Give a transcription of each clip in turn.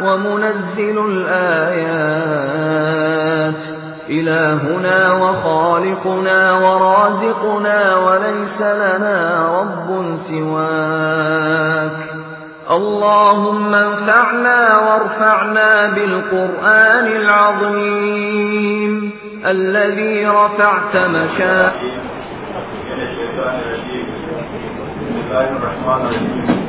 ومنزل الآيات إلهنا وخالقنا ورازقنا وليس لنا رب سواك اللهم انفعنا وارفعنا بالقرآن العظيم الذي رفعت مشاء بسم الله الرحمن الرحيم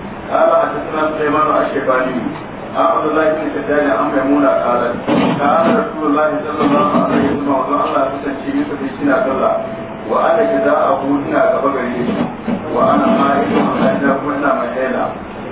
قال حدثنا سليمان الشيباني عن عبد الله بن شداد عن ميمونة قالت كان رسول الله صلى الله عليه وسلم وقال الله تسجي يوسف يشينا كذا وأنا كذا أبونا كبغري وأنا حائل وأنا كنا مهيلا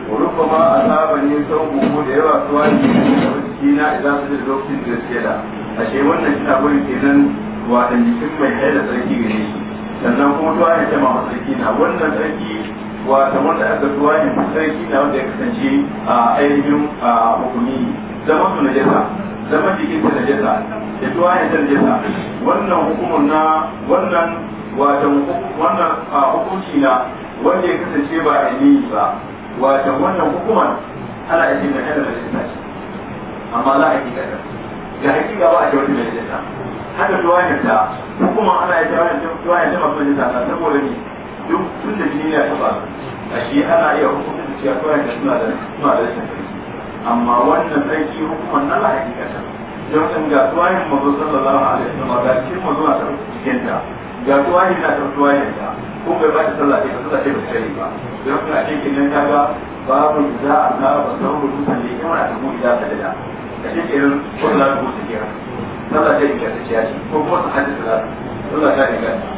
وربما أصابني ثوبه ليرى سواني وسكينا إذا سجد الوقت الزيادة أشي وانا شنا قولي كنن وأنا جسم مهيلا تركي gare shi sannan kuma tuwa ya jama wa sarki na wannan sarki wata wanda aka zuwa ne sarki na wanda ya kasance a ainihin hukumi zaman su najasa zaman jikin su najasa da ne ya najasa wannan hukumar na wannan wata wannan hukunci na wanda ya kasance ba a yi ba wata wannan hukumar ana yake na da najasa ce amma za a yi hakikata ga hakika ba a wani mai najasa haka ne ta hukumar ana yi tuwa ya ta masu na saboda ne duk tun da jini ya taba a shi ana iya hukunta da cewa kawai da suna da suna da rashin tsarki amma wannan tsarki hukumar na la hakikata don kan ga tuwahin mazo sallallahu alaihi wasallam ga cikin mazo na tarfi cikin ta ga tuwahin na tarfi tuwahin ta ko bai ba ta sallah ta sallah ta ba ta ba don kan a cikin nan ta ga babu za a na ba sauran rubutan ne kamar a tabu idan ta da a cikin sallah ta rubuta kira sallah ta ikata ce ko kuma ta hadisa sallah ta ikata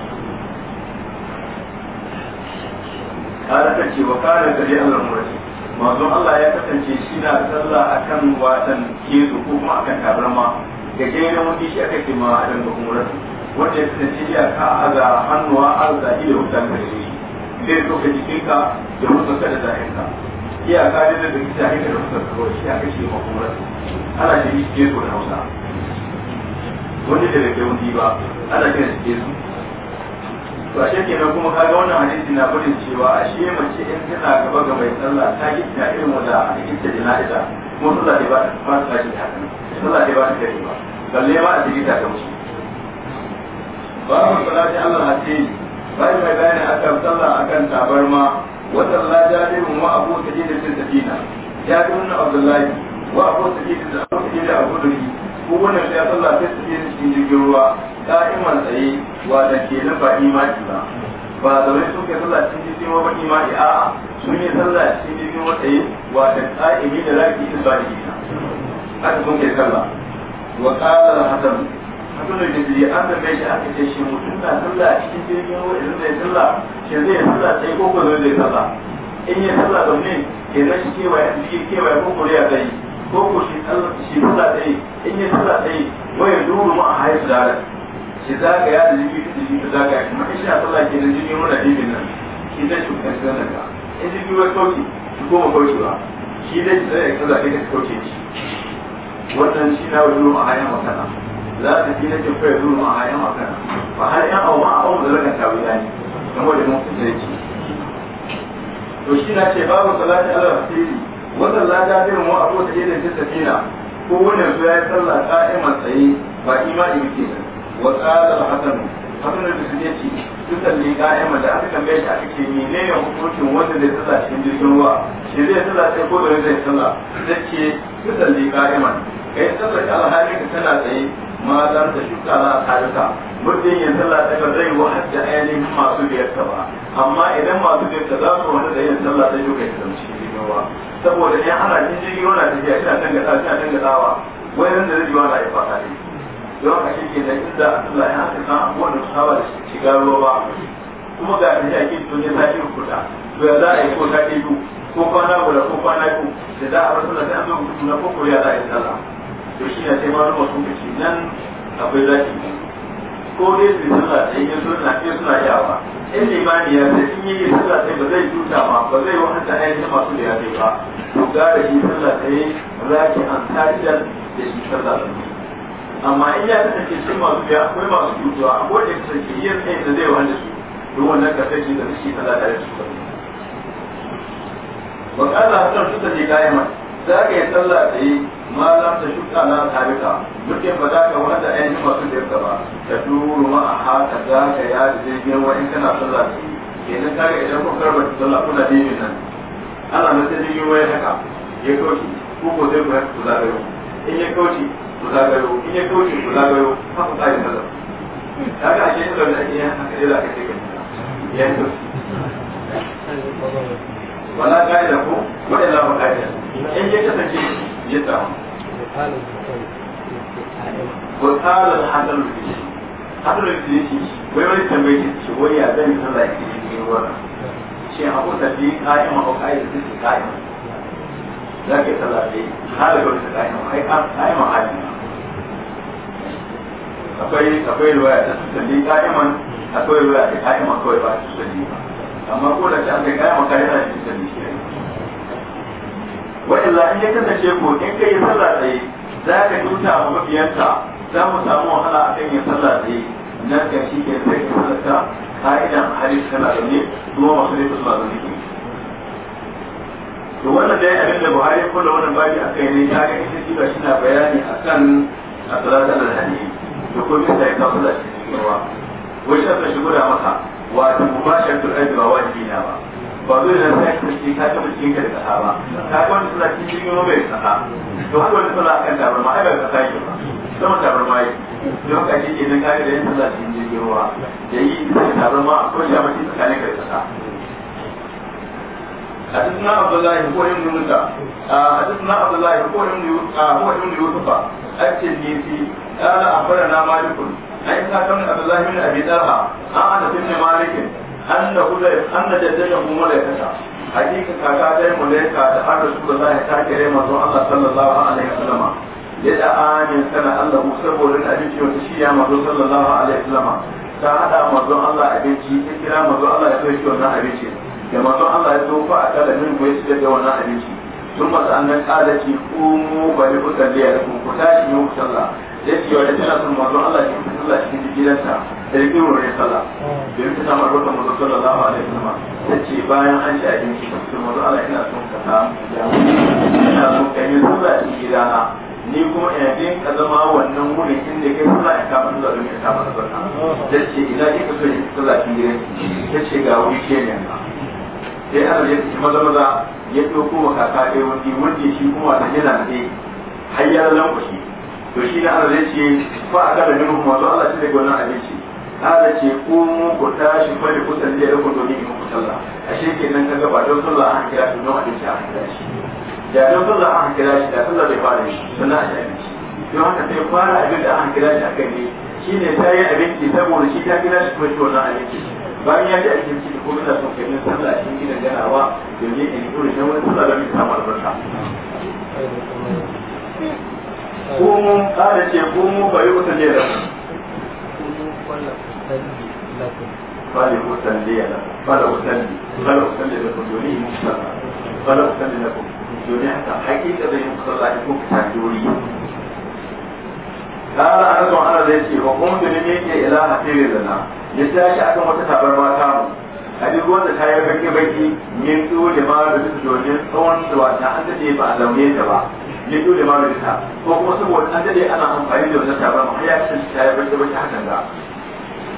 kada ce wa kada ta dai Allah murati manzon Allah ya kasance shi na sallah akan watan kezu ko kuma akan tabarma da ke na wani shi aka ce ma adam da kuma rasu wanda ya kasance ya ka aza hannuwa arza ila wutan da shi zai soka ka da wutan ka da ka iyaka ne da duk zahinka da wutan ka shi aka ce ma kuma rasu ana ce shi kezu na hausa wanda da ke wani ba ana shi kezu to ashe kenan kuma kaga wannan hadisi na gudun cewa ashe mace in tana gaba ga mai sallah ta gidda irin wanda a gidda jana'iza kuma sallah da ba ta ba ta gidda sallah da ba ta gari ba balle ma a cikin ta musu ba mu salati Allah hati bai mai bayani akan sallah akan tabarma wa sallah jabirun wa abu sajid bin sajina jabirun abdullahi wa abu sajid da abu sajid abu duri ko wannan sai sallah sai su je cikin jirgin ruwa da'iman tsaye da ke na ba imani ba ba zaune sun kai sallah cikin jirgin ruwa ba imani a sun yi sallah cikin jirgin ruwa tsaye wanda ƙa'imi da laki da ba ina haka sun ke sallah wa qala hasan hasan da jirgin an zama mai shi aka ce shi mutum na sallah cikin jirgin ruwa idan zai sallah shi zai sallah tsaye ko ko zai sallah in yi sallah ke kenan shi kewaye kewaye ko kuriya zai yi ko ko shi shi sallah dai in yi sallah dai waya duru ma a haihu da shi zaka ya da jini da jini zaka ya kuma shi a sallah ke da jini wanda jini nan shi zai shi kan sallah ka in jini wai kauce shi goma kauce ba shi zai shi zai sallah dai ka kauce shi wannan shi na wani a haihu makana za ta na nake kai duru ma a haihu makana ba har yan awa a awa da zaka tabi yani kamar da mun fi zai ci to shi na ce babu salati ala rasuli wannan la jabir mu abu ta yake da safina ko wannan su yayi sallah qa'iman tsaye ba imani yake ba wa qala al-hasan hasan da su yace yusalli qa'iman da aka tambaye shi aka ce menene hukuncin wanda zai sallah cikin jirgin ruwa shi zai sallah sai ko da zai sallah zai ce yusalli qa'iman kai sallar alhali ka tana tsaye ma za ta shuka za a tarika muddin yin sallah daga zai da ainihin masu biyarta ba amma idan masu biyarta za su wani da yin sallah ta yi kai zamci ba saboda in ana jin jirgi wani tafiya shi dangata ina dangatawa wani nan da zai wani ya fata ne don haka shi ke da inda Allah ya haka san abubuwan da su saba da shi ruwa ba kuma ga tafiya ke tunye ta sake kuɗa to ya za a yi ko ta ke biyu ko kwana guda ko kwana biyu da za a rasu da sai an zo mutum na ko ya za a yi sallah to shi na sai malama sun kace nan akwai zaki ko dai su sallah da yin sunna sai suna yawa in limani ya sai in yi sallah sai ba zai juta ma ba zai wahanta ayyukan masu da ya zai ba to gara shi sallah sai zaki an tajjal da shi sallah da amma in ya kasance cikin masu biya akwai masu cutuwa a kowace kasance yin tsayin da zai da su don wannan kasance da suke kaza da su ba ba kala hasan su ta je kayan za ka yi sallah da yi ma za ta shuka na tarika muke ba za ka wanda ainihin masu da yadda ba ta duru ma a haka za ka ya da jirgin wa in kana sallah ce kenan kaga idan kuka karba ta sallah kuna dinin nan ana na ta jirgin wa haka ya kauce ko ko zai ku haka ku zagayo in ya kauce ku zagayo in ya kauce ku zagayo haka tsarin sallah kaga ashe ita da ake yin haka ɗaya ila kake gani ya kauce wala ka'ida ko wa'ila ba ka'ida in ya kasance ya samu burkalar hadarar da shi hadarar da shi wai wani tambayi da shi wai ya zan sallah ke yi ne wa shi abu da bi kayan ma ko kayan da su kayan za ka yi sallah da halabar da kayan ma kai kayan ma hali akwai akwai ruwaya ta su ta wa illa in ya kasance ko in kai sallah tsaye za ka tuta wa mabiyanta za mu samu wahala a kan yin sallah tsaye nan ka shi ke sai ka sallah ka'idan hadis kana da ne kuma masu ne sallah da nake to wannan dai abin da Buhari ko da wannan a kai ne ta ga ita shi ba shi na bayani akan asalatan al-hadis da kuma sai ka sallah cikin ruwa wai sai ka shigo da masa wato mubashatul ba wa dina ba ba zai da zai kasance ka taɓa cikin ka da kasa ba ka kwanta suna cikin jirgin bai kasa to haka wanda suna kan ba ai bai kasa yake ba sama tabarma mai yau ka shi ke nan kare da yin sallah cikin jirgin ruwa da yi tabarma a tsakanin ka da kasa حدثنا عبد الله هو ابن موسى حدثنا عبد الله هو ابن هو ابن يوسف التلميذي قال اخبرنا مالك عن اسحاق عبد الله بن ابي طلحه عن انس مالك anna kula anna jaddata mu malaikata hakika kaka dai malaika da har rasulullahi ta kire manzo Allah sallallahu alaihi wasallam yada amin sana Allah saboda da abinci wata shi ya manzo sallallahu alaihi wasallam ta hada manzo Allah abinci ta kira manzo Allah ya soki wannan abinci da manzo Allah ya tofa a kala min ko ya da wannan abinci sun masa annan kada ki kumu bari ku salliya ku tashi ku sallah yace wa da tana sun manzo Allah ya ki sallah cikin gidansa sarkin wani sala hmm. da yake samun rokan mazu sallallahu alaihi wasallam ta ce bayan an sha yin shi ta mazu ala ina sun ka samu ina son ka yi sallah a cikin rana ni kuma ina bin ka zama wannan wurin inda kai sallah ya kama sallah domin ya kama sallah ta Ta ce ina din ka so yin sallah cikin gidan ta ce ga wuri ke ne na sai ana da yake maza maza ya ɗauko wa kaka ɗaya wani wanda shi kuma da yana da ɗaya har ya lankwashi to shi na ana zai ce fa a kada ne masu ala Allah shi daga wannan abinci kala ce ko mu ku tashi fa da kusan da ku domin ni ku sallah ashe nan kaga ba don sallah an kira shi don hadisi a kira shi da don sallah an kira shi da sallah bai fara shi sannan a shi abinci don haka sai fara abin da an kira shi akan ne shine ta yi abinci saboda shi ta kira shi kuma shi wannan abinci bayan ya ji abinci da kuma ina son kenan sallah cikin gidan ganawa domin in dole ne wani sallah da mutum samu albarka ko mun kada ce ko mun bayu ta jera أصلي لكم قال أصلي لكم قال أصلي قال أصلي لكم يوليه مصلى قال أصلي لكم يوليه حتى حقيقة بين مصلى يكون كتاكيوري قال أنا سبحانه ذاتي وقمت لديك إلى حفير لنا يتاشى أكم وتتابر ما كانوا hadin ruwan da ta yi baki baki yin tso da ma da duk dojin da wata an dade ba a zaune ta ba yin tso da ma da ko kuma saboda an ana amfani da wata tabar ma ta yi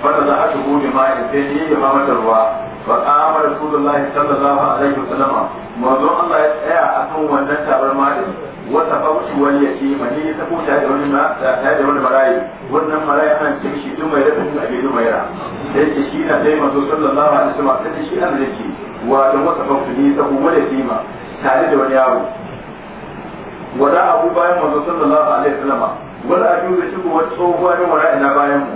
فنزعته بماء الدين بمامة الروا فقام رسول الله صلى الله عليه وسلم منذ الله يتأيى أكون ونسى بالمال وتفوت واليتيم هي تفوت هذا المراي وأن المراي أن تمشي ثم يرفض أبي زميرة ليس شيء زي ما صلى الله عليه وسلم ليس شيء أنا ليس وأن وتفوت لي تفوت واليتيم تعالى ونياو ولا أبو بايم وصلى الله عليه وسلم ولا أجوز شبه وتصوفه ولا إلى بايمه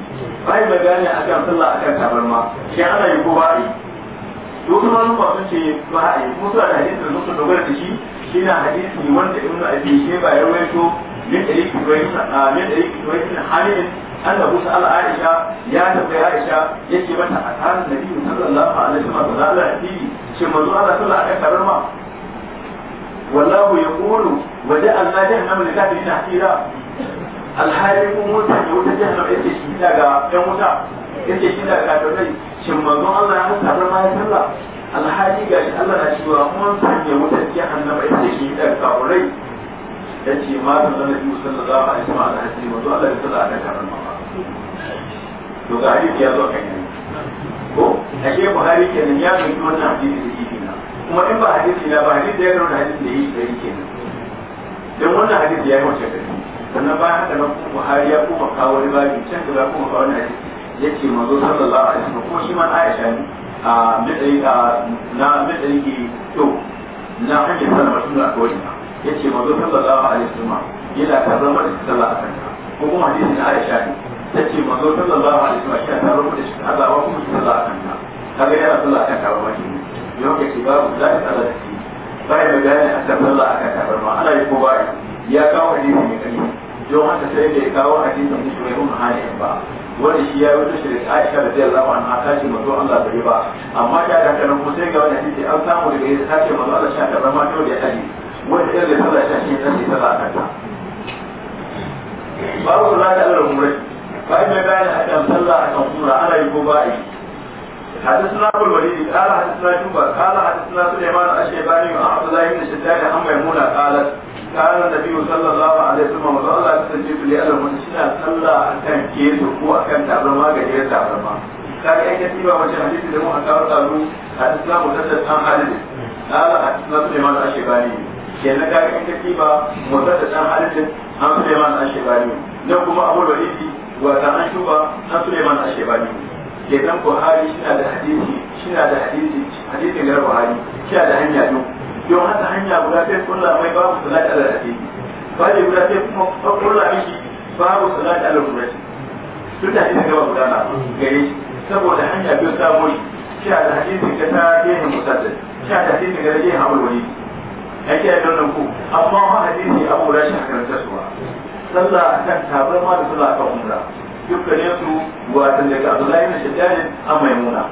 bai magana akan sallah akan tabarma shi ana yi ko ba'i to kuma mun ba sun ce ba'i da hadisi da musu dogara da shi shine hadisi wanda ibnu abi shayba ya rawaito min dalil kuwaitin a min dalil kuwaitin halin annabi sallallahu alaihi aisha ya tafi aisha yace mata asaran nabi sallallahu alaihi wasallam da Allah ya shi manzo Allah sallallahu alaihi wasallam wallahu yaqulu wa ja'alna jahannama lil kafirin hasira alhali kun wuta ne wuta jahannam yace shi daga yan wuta yace shi daga kafirai shin manzon Allah ya hasa da mai sallah alhali ga shi Allah na cewa mun sanya wuta jahannam yace shi daga kafirai yace ma da Nabi sallallahu alaihi wasallam alhali wato Allah ya sallah da karama to ga hadisi ya zo kan ko ake Buhari kenan ya fi wannan hadisi da yake kuma in ba hadisi na ba hadisi ya ga wannan hadisi da yi kenan don wannan hadisi ya yi wacce kai sannan ba haka na kuma har ya kuma kawo wani can da kuma kawo na hadisi ya ce mazo sallallahu alaihi wasallam ko shi ma aisha ne a midari na midari ke to na hanyar sallar mutum da kawai ya ce mazo sallallahu alaihi wasallam yana ka zama da sallah a kanka ko kuma hadisi na aisha ne ta ce mazo sallallahu alaihi wasallam shi ta zama da shi Allah wa kuma sallah a kanka kaga yana sallah a kanka ba shi ne yau ke babu zai sallah da shi bai da gane a kan sallah a kanka ba ana yi ko ba yi ya kawo hadisi mai kai, don haka sai da ya kawo hadisi mai shi mai umma hanin ba Wani shi ya yi wata shirin aisha da zai zama an haka shi mazo Allah bai ba amma ta da kanan kuma sai ga wani hadisi an samu daga yadda ta ce mazu Allah sha da zama ta wani hadisi wani ya zai sallah sha shi nan sai sallah a kanta. Babu kula da Allah murai bayan ya gane a kan sallah a kan kura ana yi ko ba a yi. حدثنا ابو الوليد قال حدثنا شوبه قال حدثنا سليمان الشيباني وعبد الله بن شداد عن ميمونه قالت ke su ko a kan tabarma ga jiyar tabarma ka yi yanke tiba wace hadisi da mun akawar tsaro cikin na da an halin ala a hadisi na suleiman ashebani kenan ka ga yanke tiba da an halin an a shekaru na kuma abu da rifi wata an shuba an suleiman ashebani kenan buhari shina da hadisi shina da hadisi hadisin gar buhari shina da hanya biyu don haka hanya guda sai kulla mai babu sanad da hadisi ba ne guda sai kuma kulla mishi babu sanad da hadisi tun da ina gaba gudana gare shi saboda hanya biyu samuwar shi a da hadisi ga ta gehen musaddad shi a da hadisi ga gehen amur wani ya ke yadda wannan ku amma ma hadisi abu rashin karanta suwa sallah kan tabar ma da sallah kan umra dukkanin su watan daga abdullahi na shaddadin a maimuna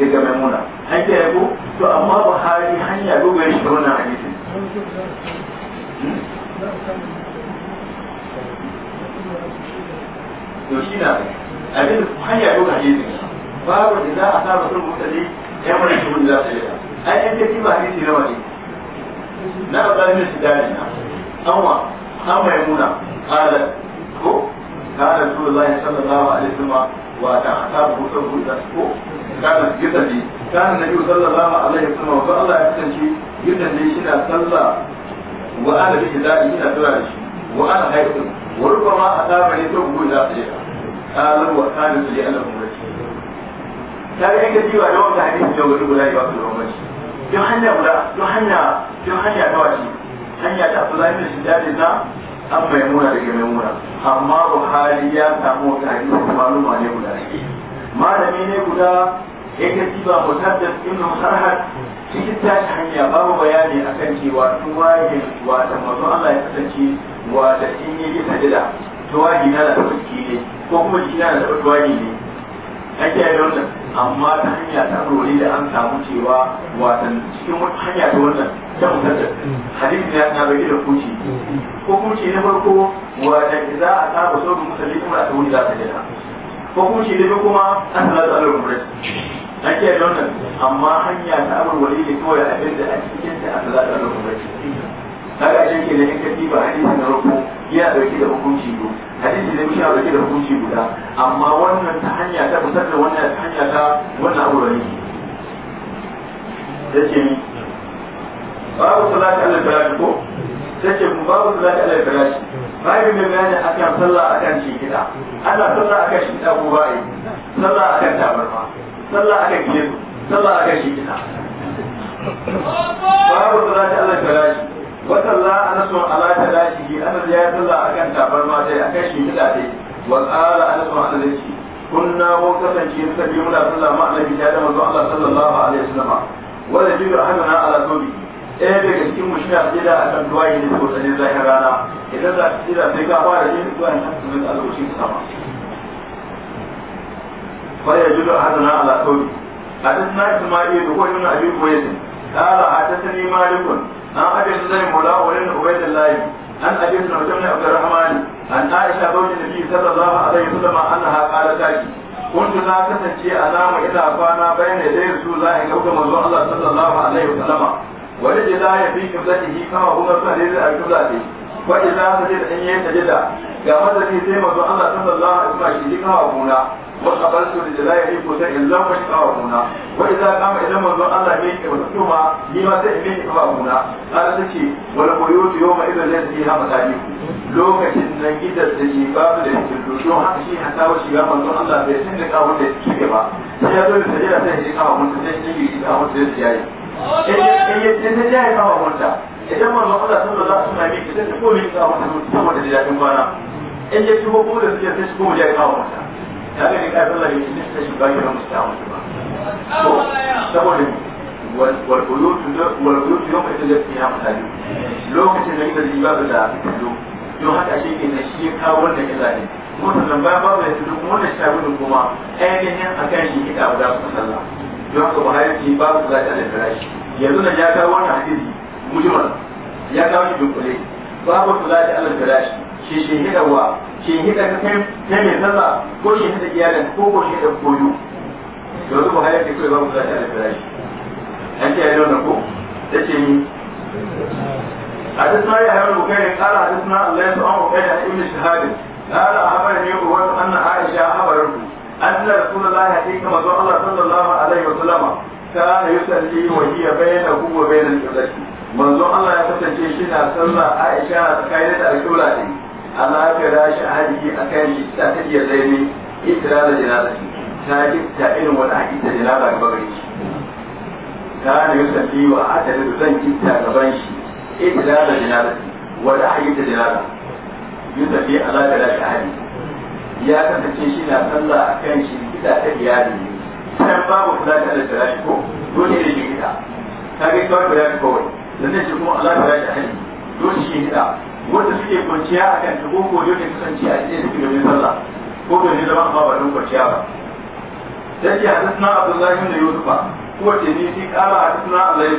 daga maimuna an ke yabo to amma buhari hanya biyu gare shi wannan hadisi hmm? to shi na abin hanya ɗauka hadisin babu da za a sa mutum mutane ya mara shi wani za su yi ai yan tafi ba hadisi na wani na asalin shi dani na anwa an muna kala ko kala rasulullahi sallallahu alaihi wasallam wa ta asabu sabu da ko kana gidaje kana nabi sallallahu alaihi wasallam ko Allah ya kasance gidaje shi na sallah wa ana bi da ina tura shi wa ana haifin وربما أصاب عليهم كل آخرين قالوا وكانوا لي أنا أمتي تاري أنك تيوى يوم تحديث جو الرجل لا يوصل أمتي يوحنا ولا يوحنا يوحنا تواشي hanya ta Abdullahi bin Shiddadin na an maimuna daga maimuna amma Buhari ya samu wata hadisi maluma ne guda malami ne guda ya kasi ba mutaddad ibn Musarhad cikin tashi hanya babu bayani a cewa tun waye wa da manzo Allah ya kasance wata in yi yi sajida tuwaji na da taɓa jiki ne ko kuma jiki na da tuwaji ne ake yi wannan amma ta hanya ta rori da an samu cewa watan cikin wata hanya ta wannan ta musaddar hadisi na na bai da kuci ko kuci na farko watan za a saba sauran musalli kuma a ta tsawo za ta jira ko kuci na kuma an salatu alal mumrad ake yi wannan amma hanya ta rori da kawai abin da a cikin ta a salatu alal mumrad kaga a shanke da yan kafi ba hadisi na rufu yana dauke da hukunci biyu hadisi da biyu yana dauke da hukunci guda amma wannan ta hanya ta fitar da wannan ta hanya ta wannan abu da yake yace ni babu salati ta firashi ko yace mu babu salati alal firashi babu mai bayani akan sallah akan shi kida ana sallah akan shi kida ko ba'i sallah akan tabarma sallah akan kiyo sallah akan shi kida babu salati ta firashi watan za a nasu ala ta dashi ya tsalla akan tabarma dai akan shi kida dai wa qala anas ma anas ce kunna mun kasance sabi muna sallah ma annabi ya da manzo Allah sallallahu alaihi wasallam wa da daga cikin mushina da akan duwaye ne ko sanin zahir rana idan za ka tsira sai ka fara yin duwaye ta sunan ta sama fa ya jibril hamana ala tobi حدثنا اسماعيل هو ابن ابي قويس قال حدثني مالك عن ابي الحسن مولاه ولد عبيد الله عن ابي بن عبد الرحمن عن عائشه زوج النبي صلى الله عليه وسلم انها قالت كنت لا تسجي انام اذا كان بين يدي رسول الله كوكب منزول الله صلى الله عليه وسلم ولد الله في قبلته كما هو مثل القبلة وإذا سجد أن يسجد كما سجد سيما الله صلى الله عليه وسلم كما هو وقبلت لجلاء يحب شيء لم واذا قام الى قال تكي والبيوت يوم اذا فيها da ke babu da yake dodo haka shi hata wa shiga manzon Allah bai san ba da sajira sun da za su sai koyi da bana in ya ci da sai su koyi kawo kaga ne ka sallah ne nista shi ba a musta'un ba to saboda wal qulub wal qulub yawm idil fiha masali lokacin da yake da ibada da ido don haka ashe ke na shi kawo wannan illa ne kuma sannan bayan babu da tudu kuma wannan shagunin kuma ainihin akan shi kita guda su sallah don haka buhari ce babu za ta da firashi yanzu nan ya kawo wannan hadisi mujmal ya kawo shi dunkule babu su za ta alal firashi shi shahidarwa shahidar kai mai nasa ko shi shahidar iyalin ko ko shahidar koyo da wasu kuma ke kai ba mu zai da shi. an ce yadda wanda ko da ce ni a ta suna yi hayar bukari kara a ta suna allah su an bukari a ibn shahada. na ala habar ne ko wasu anna aisha a habarin ku an tuna da suna lahi a cikin mazo allah sallallahu alaihi wa sallama ka na yi sanci wa hiya bayyana kuma bayyana kyalashi manzo allah ya kasance shi na sallah aisha a tsakanin da alƙiwala ɗin amma aka rashi hadisi akan shi ta tafiyar laimi itira da jinaza ta gifta irin wani hakita jinaza ga bagari shi ta ne yusa fi wa aka da zan ta gaban shi itira da jinaza wani hakita jinaza yusa fi ala da rashi hadisi ya kasance shi na sallah kan shi gida ta iyali ne sai babu kula da ala da ko dole ne shi gida ta gifta wani kawai da zai shi kuma ala da rashi hadisi dole shi gida wanda suke kwanciya a kan ta ko da ta kasance a cikin suke domin sallah ko domin zama a ba don kwanciya ba sai ya hadisna abdullahi da yusufa ko ce ni a qala hadisna alayhi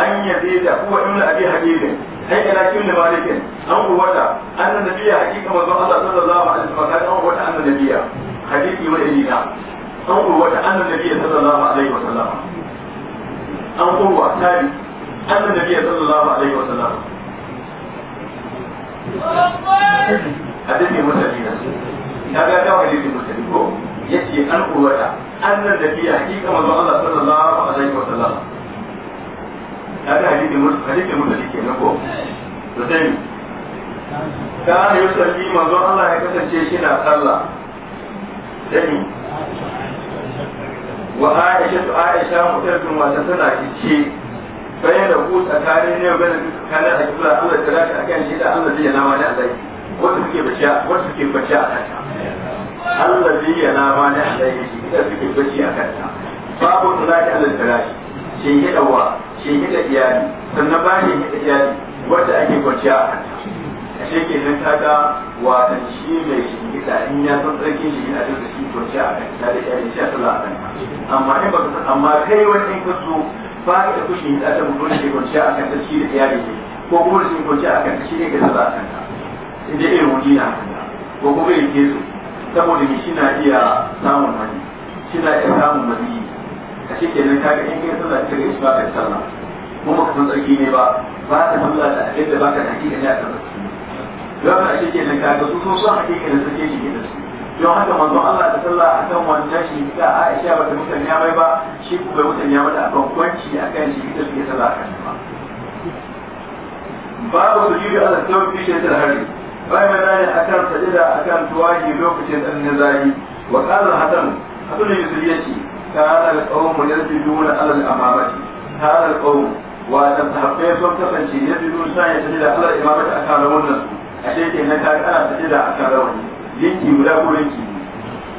an zai yazida huwa ibn abi habib hay ila da malik an huwata anna nabiyya hakika manzon Allah sallallahu alaihi wasallam kan an huwata anna nabiyya hadisi wa ilina an huwata anna nabiyya sallallahu alaihi wa wasallam an huwa tabi anna nabiyya sallallahu alaihi wa wasallam hadisi mutane na su. ya ga dawo hadisi mutane ko yace an an nan da fiya hakika manzo Allah sallallahu alaihi wa sallam ya ga mutane hadisi mutane kenan ko to ta kana yusalli manzo Allah ya kasance shi na sallah dani wa aisha aisha mutum wata tana ce bayan da ku tsakanin ne ga kana a kula Allah ta raka akan shi da Allah zai nama da Allah wanda suke baciya wanda suke baciya a kanta Allah zai ya nama da Allah da suke baciya a kanta babu tsaki Allah ta raka shi hidawa shi hida iyali sannan ba shi hida iyali wanda ake baciya a kanta ashe ke nan kaga watan shi mai shingida in ya san tsarkin shi a cikin shi kwanciya a kan ta da iyali shi a tsala a kan amma in ba amma kai wani in ka so ba da kushin ya ta mutu shi kwanciya a kan tashi da iyali ne ko kuma da shi kwanciya a kan tashi ne ga zaba kan ta in dai irin wani na ko kuma ya ke su saboda ni shi na iya samun mani shi na iya samun mani a shi kenan ka ga in kai sallah ka ga isma kai sallah kuma ka san tsarki ne ba ba ta sallah da yadda da baka da hakika ne a kan tsarki don haka a shi kenan ka ga su sun san hakika da tsarki ne da su don haka manzon Allah ta sallah a kan wani shi ga Aisha ba ta mutane mai ba shi ku bai mutane mata a kan kwanci a kan shi ita suke yi a kan ba babu su yi ala kyau fi shi ta hari bayan bayani a kan sajida a kan tuwaji lokacin ɗan nazari wa ƙarar hatan hatan da yusuf ya ce kana da tsawon mu yarfi duna alal amamati kana da tsawon wa da sahabbai sun kasance yarfi duna sa ya sajida alal imamati a kan rawunan su a shekin na ta ana sajida a kan rawunan linki guda ko linki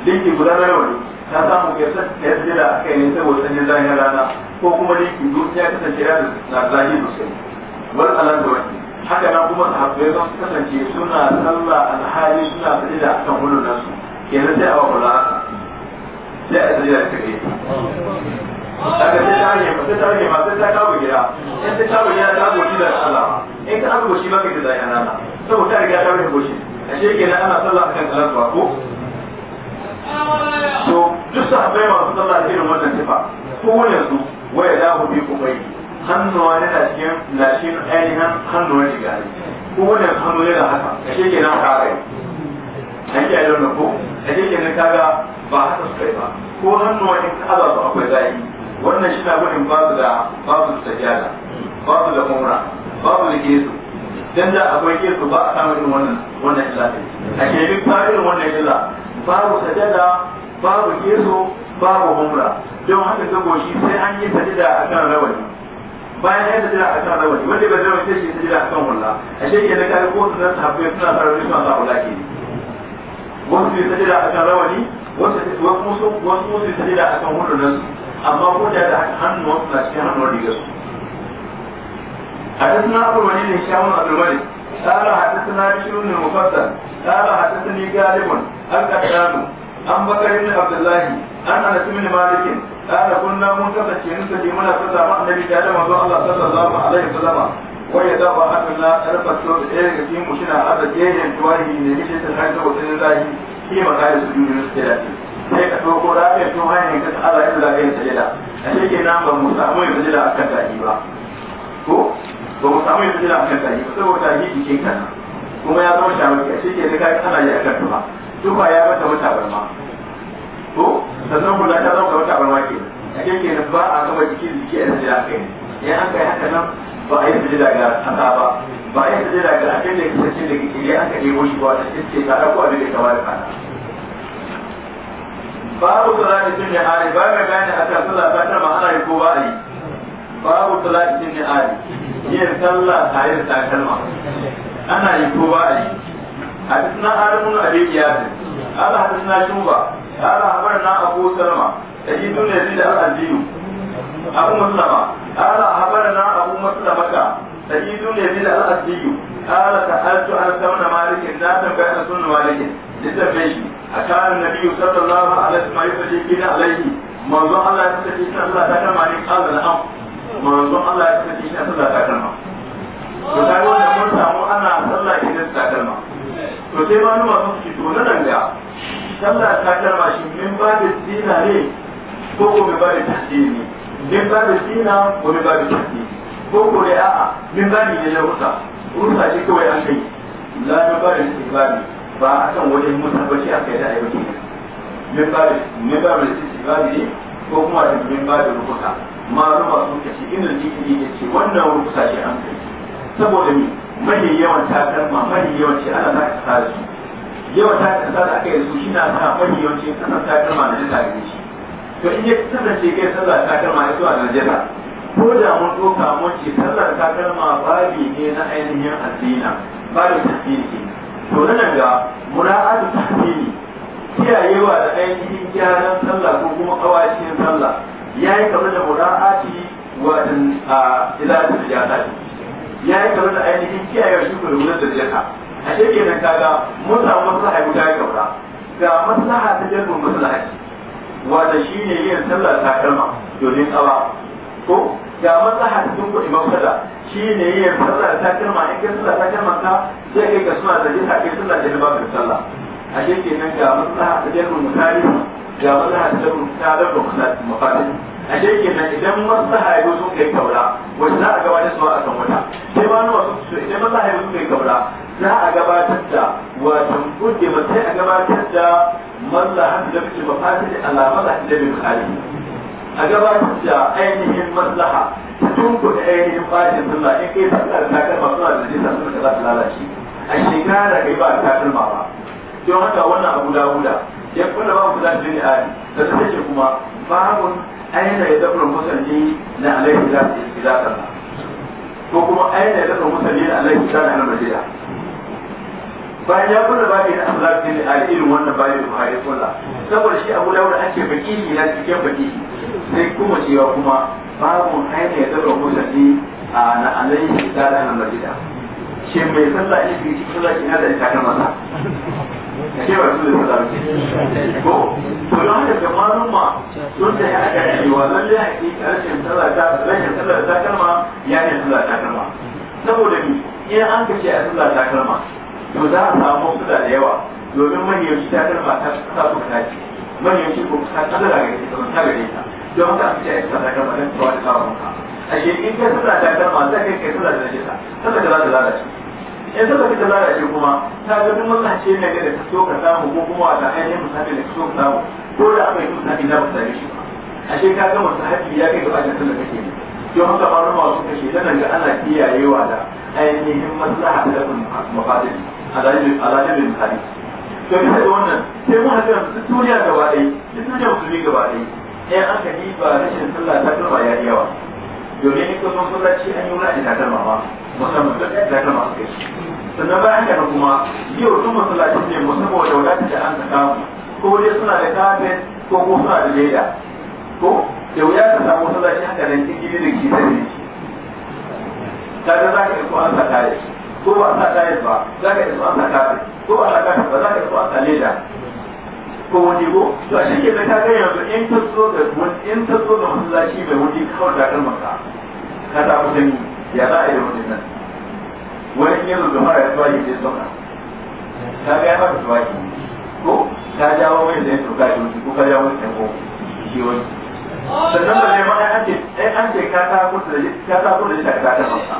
linki guda na rawa ta samu ya sanya da aka yi saboda sanyin zahir rana ko kuma linki duk ya kasance ya da zahir sosai wani alan da wani haka nan kuma sahabbai sun kasance suna sallah alhali suna da akan hulun nasu kenan sai a wa sai a sajida ta kai daga sai ta hanyar sai ta hanyar sai ta kawo gida in ta kawo gida ta kawo shi da Allah in ta kawo shi ba ka da zai anana saboda ta riga ta rufe goshi ashe na ana sallah akan talaba ko to duk sahabbai masu sallah irin wannan sifa ko wani su waya da hu bi kubai hannuwa ne da cikin lashin ainihin hannuwan shiga ne ko wani hannu ne da haka ashe kenan ka kai an yi a yau na ko a ashe na kaga ba haka su kai ba ko hannuwa in ta azabu akwai zai wannan shi na gudun babu da babu da sajada babu da umra babu da kesu dan da akwai kesu ba a samu irin wannan wannan ilahi a ke bi ba wannan illa babu sajada babu kesu babu umra don haka ta goshi sai an yi sajada kan rawani bayan ya a kan rawani wanda bai zama sai shi sajada kan walla a shi ke da kare ko su nan sahabbai suna sarari suna sa walla ke wasu su sajada kan rawani wasu wasu wasu su sajada akan hulun nan amma ko da da hannu na cikin hannuwan riga su حدثنا أبو الوليد هشام بن galibin الملك قال حدثنا بشير بن المفضل قال حدثني غالب القتال عن بكر بن عبد الله عن أنس بن مالك قال كنا منتفشين سليمنا فتى مع wai da ba na karfato da ɗaya daga cikin mushina a da ne ta zahi ma su ne su ke sai ka ɗauko rafiyar tun hanyar ka tsara yadda za ka sajada a shi ke nan ba mu samu yin sajada a kan tahi ba ko ba mu samu yin sajada a kan tahi ba saboda yi jikin kan kuma ya zama shamaki a shi ke da kayan ana yi a kan tuha tuha ya mata mata barma ko sannan hula ta zama mata barma ke a shi ke ba a gama jiki jiki a sajada kai ne an kai haka nan ba a yi sajada ga haka ba ba a yi sajada ga abin da ya kasance da ke ya aka ɗebo shi ba a cikin ce ta ko abin da ya kamata babu talaki sun yi ari, ba ga gane a kan sallah ta ta ma'ana ko ba a yi babu talaki sun yi hari yin sallah ta yi ta kalma ana yi ko ba a yi a duk na hari mun a yi ya ce ala hadis na shi ba ala habar na abu salma da yi tun da yi da al'adiyu abu musulama ala habar na abu musulama ka sayyidun yabi da al-asiyu ala ta'altu an samna malikin da ta bayyana sunna malikin inda mai a kan nabi sallallahu alaihi wa sallam kina alaihi manzon Allah ya tafi kina Allah ta kama ni kala da am manzon Allah ya tafi kina Allah ta kama to ta wannan mun samu ana sallah kina ta kama to sai ma nuna sun ki to nan ga sallah ta kama shi min ba da dina ne ko ko ba da tasiri min ba da dina ko ba da tasiri ko ko da a'a min ba ne ya rusa rusa shi kawai an kai la ba da tasiri ba a kan wajen mutum ba shi aka yi da aiki ne ba da min ba da sisi ba da ko kuma da min ba da rukusa maluma sun kashi inda jikiri ya ce wannan rukusa shi an kai saboda mi mahi yawan takalma mahi yawan ce ana zaka sa da su yawan takalma da aka yi su shi na sa mahi yawan ce kasan takalma na jisa gare shi to in ya kasance kai sallah ma ya zuwa najasa ko da mun doka mun ce sallar takalma babi ne na ainihin addina babin tasiri to nan ga mura'atu tasbihi kiyayewa da ainihin gyaran sallah ko kuma kawashin sallah yayi kamar da mura'ati wajen a ilatin da jata yayi kamar da ainihin kiyayewa shi ko da da jata a shi kenan kaga mun samu maslaha guda kaura ga maslaha ta jalbin maslaha shi shine yin sallah ta kalma domin tsawa ko ga maslaha cikin kuɗi imam shi ne ya sallah ta kalma in kai sallah ta kalma ka zai kai ga suna da jita kai sallah da ba ka sallah a shi kenan ga maslahar da jarrun misali ga maslahar da jarrun misalin da kusa mafadin a ke kenan idan maslaha ya sun kai kaura wacce za a gabatar su a kan wata sai ma nawa sun so idan maslaha ya sun kai kaura za a gabatar da watan kudi ba sai a gabatar da maslahar da kuke mafadin alamar da kuke misali a gabatar da ainihin maslaha ku da ainihin fashin sunna in kai sallah da takalma suna da jisa suna da za su lalace a shiga da kai ba a takalma ba don haka wannan abu dawuda ya kula babu da jini ali da ta ce kuma babun aina ya dafa musalli na alaihi da ila sallah ko kuma aina ya zafin musulmi na alaihi da ila majiya bayan ya kula babu na sallah yi ali irin wannan bayan buhari kula saboda shi abu dawuda ake baki ne na cikin baki sai kuma cewa kuma babu hanyar ya zaɓa mutane a na alayin shi ta da hannun majida shi mai sallah ya fi cikin sallah ina da ita kan masa a ba su da sallah ba ko to don haka da maluma sun da ya aka cewa lallai a ke ƙarshen sallah ta rashin sallah ta kalma ya ne sallah ta kalma saboda ni in an ka ce a sallah ta kalma to za a samu sallah da yawa domin manyan shi ta kalma ta sa su ka tashi manyan shi ko ta kalma ga ita ta don haka ake aiki sadaka ba don cewa da samun ka a shi in ka sada ta kama za ka kai sada da najisa sada ka za ta lalace in sada ka ta lalace kuma ta ga duk wannan ce ne da ka so ka samu ko kuma wata ainihin misali da ka so ka samu ko da aka yi misali na ba same shi ba a shi ka ga misali ya kai gaba da sada kake ne don haka ba ruwa su kashe dan ga ana kiyayewa da ainihin maslaha da mafadin alalibin hadisi to bisa da wannan sai mu haka duniya gaba ɗaya duniya musulmi gaba ɗaya in aka ba rashin sallah ta kalma ya yawa domin in kuma sallaci an yi wani da kalma ma musamman duk da kalma su kai sannan bayan haka kuma yau duk masallaci ne musamman wanda wadata da an ka samu ko dai suna da kafin ko ko suna da leda ko da wuya ka samu masallaci haka nan cikin da ke da ne kaga za ka yi ko an sa kare ko ba sa kare ba za ka yi ko an sa kare ko ba sa kare ba za ka yi ko an sa leda ko wani ko to shi ke da ka ga yanzu in ta zo da in ta zo da masallaci mai wuri kawai da kalmar ka ka ta ku sani ya za a yi da wani nan wani yanzu da mara ya zuwa ya je sauka ta ga ya maka zuwa ko ka jawo mai zai ya tuka da wani ko ka jawo mai tanko shi wani sannan ba zai ma ai an ce ai an ce ka ta ku da ka ta ku da ta ka ta maka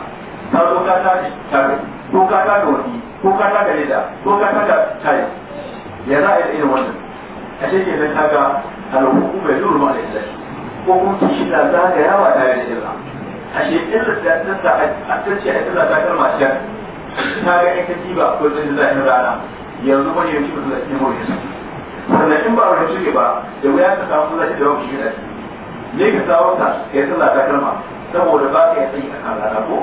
ka zo ka ta ta ko ka ta da wani ko ka ta da leda ko ka ta da kai ya za a yi da irin wannan a shi kenan kaga alhukum bai zuru ma da illa ko kuma kishi na zagayawa yawa da illa a shi illa da ta sa a tace a illa ta kalma shi ta ga in ka ko zai zai rana yanzu wani yanzu mutum da cikin mawuyi sannan in ba a rufe ba da wuya ta samu zai da wani shi da ne ka samu ta ya sallah ta kalma saboda ba ka yi a kan ta ko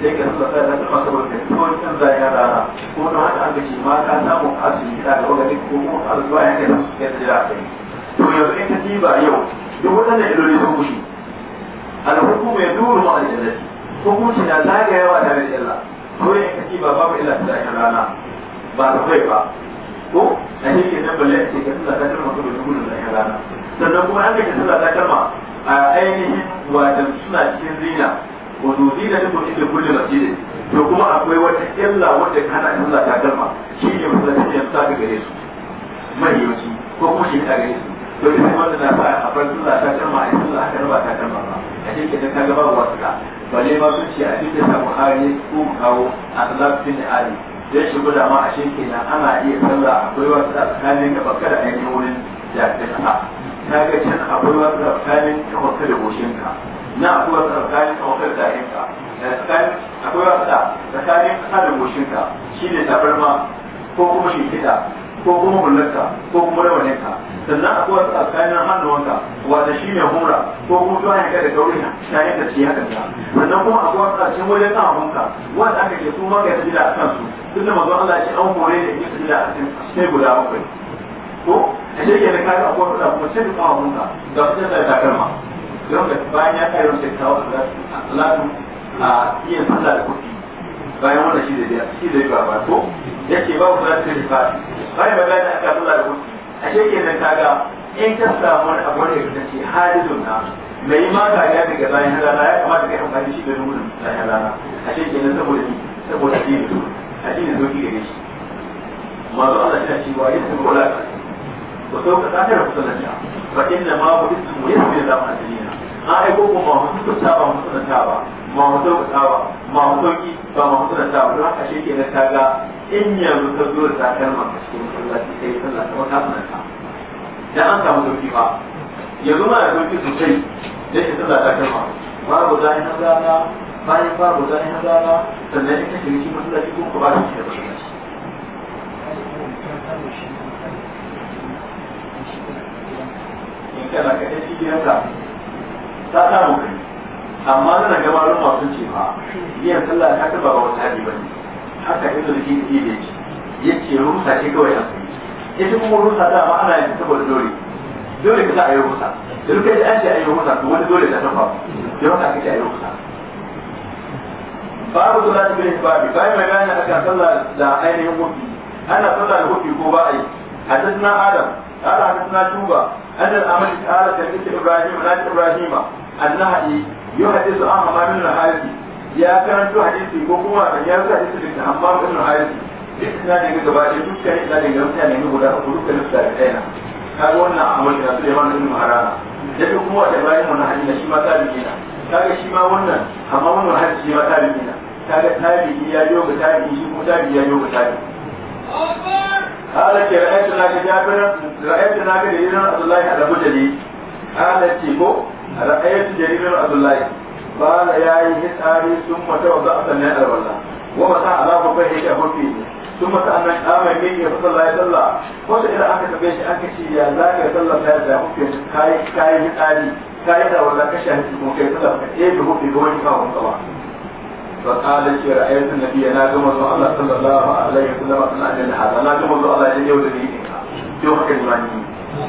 sai ka nuna sai zaka fasa wanda ko can za ya rara ko na haka an gaci ma ka samu asiri ta ga wani ko ko arzuwa ya kai su kai da kai to yanzu in ka diba yau duk wadannan iloli sun gushi alhukum ya duru ma aljannati hukunci na zagayawa tare da illa to in ka diba babu illa ta kan rana ba ta kai ba ko a shi ke nan balle ce ka tsalla ta kalma ko da gudun da kan rana sannan kuma an ga ka tsalla ta kalma a ainihin wajen suna cikin zina ودودي da duk nufin cikin kulle masjidin to kuma akwai wata illa wadda kana illa ta garma. shi ne masallaci ya sa ga gare su mai yawanci ko kuma shi ta gare su to ita wanda na sa a bar sallah ta garma a sallah ta ba ta garma ba a cikin idan ka gaba wa suka balle ma sun ce a cikin sa buhari ko kawo a sallah da ali zai shigo da ma a shi kenan ana iya sallah akwai wasu tsakanin da bakka da ainihin wurin jami'in ka ta ga can akwai wasu tsakanin ta wasu da goshinka na akwai wasu tsakanin kawafar zarinka da tsakanin akwai wasu tsakanin kasa da goshinka shi ne tabarma ko kuma shimfiɗa ko kuma hularka ko kuma rawaninka sannan akwai wasu tsakanin hannuwanka wanda shi ne humra ko kuma tuwayen ka da kauri ta yadda ce hakan ka sannan kuma akwai wasu tsakanin wajen kahunka wanda aka ke kuma ga sabila a kansu tun da mazo Allah ce an hore da ke sabila a cikin guda bakwai ko a shirya da kayan akwai wasu tsakanin kuma sai da kahunka ga su da takalma lokaci bayan ya kai wani kawo alatu a iya sallah da kuɗi bayan wannan shi da shi da ba ba to yake babu sallah da rifa bayan magana aka sallah da kuɗi a shekin nan ga in ta samu wani abu wanda ta ce hadisun na mai ma ka ga daga bayan halala ya kamata ka yi amfani shi da nuna bayan rana a shekin nan saboda ni saboda shi ne a shi ne zoki gare shi mazu Allah yana cewa yin kuma wala ka ku sauka tsakirar kusananta fa inna ma ku isu mu yasu da zama a duniya a aiko ko ba mu ba mu tuta ba ba mu tuta ba ba mu tuki ba mu tuta ba haka shi in yanzu ka zo da takalma ka cikin masallaci kai sallah kuma ka sunanta dan an samu sauki ba yanzu ma da sauki sosai da ke sallah takalma babu zai na zana bayan babu zai na zana sannan in ka shiga cikin masallaci ko ka ba shi da in kana ka ɗan cikin haka ta samu kai amma nan ga malum masu ce ba biyan sallah ta karba ba wata hadi bane haka ibnu da kike yi ce yace rusa ce kawai a sai ita kuma rusa da ma ana yin saboda dole dole ka za a yi rusa da duka da an ce a yi rusa to wani dole da ta faru da wata ka ce a yi rusa babu da zai bin babu bayan mai bayani akan sallah da ainihin hufi ana sallah da hufi ko ba a yi حدثنا آدم قال حدثنا شوبة أن الأمر تعالى كمثل إبراهيم ناس إبراهيم النهدي يحدث عن حمام بن الحارث يا كان شو حديثي كوكو ما كان يرسل حديث لك حمام بن الحارث da يجب تباشر شو كان إثنان يجب أن أن يجب أن يجب أن kaga wannan amal da Sulaiman ibn Harana da duk kuma da bayan wannan hadisi shi ma tabi'i na ga shi ma wannan amma wannan hadisi shi ma tabi'i na kaga ya ga shi kuma ya ga قالت رأيتنا كجابر رأيتنا كجرير بن عبد الله على بجلي قالت تيكو رأيت جرير بن عبد الله قال يا يهس آري ثم توضأ سنة الولا ومسا على فقه يقول فيه ثم سألنا آمن مني صلى الله عليه وسلم وسأل أنك تبيش أنك شيء يا ذاك يصلى فهذا ممكن كاي كاي هس آري كاي دا ولا كشهد ممكن صلى الله عليه وسلم إيه بهو في قوة كاوم صلى الله عليه وسلم فقال شي رأيت النبي أنا كما الله صلى الله عليه وسلم أنا أجل هذا أنا كما الله يجي ودني يوحك الماني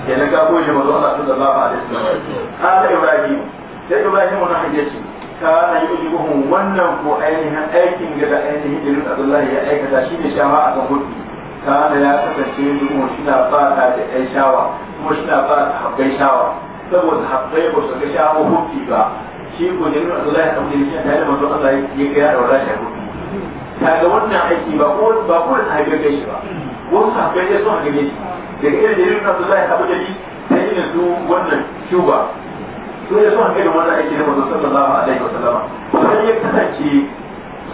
يعني كابوش ما الله صلى الله عليه وسلم قال إبراهيم sai Ibrahim wani hajjar shi kana yi ujibuhun wannan ko ainihin aikin gada ainihin jirin Abdullahi ya aikata shi ne shawa a kan hudu kana ya kasance yin shi na fata da ɗan shawa kuma shi na fata habbai shawa saboda habbai ba su ga shawa hudu ba shi ko da yana zuwa ya kamar shi da yana manzo Allah ya ga ya daura shi ga wannan aiki ba ko ba ko da hajjar kai shi ba wasu sahabbai sai sun hajjar shi daga irin da yana Abdullahi ya kamar shi sai irin su wannan Cuba su ya sun hajjar wannan aiki da manzo sallallahu alaihi wasallam sai ya kasance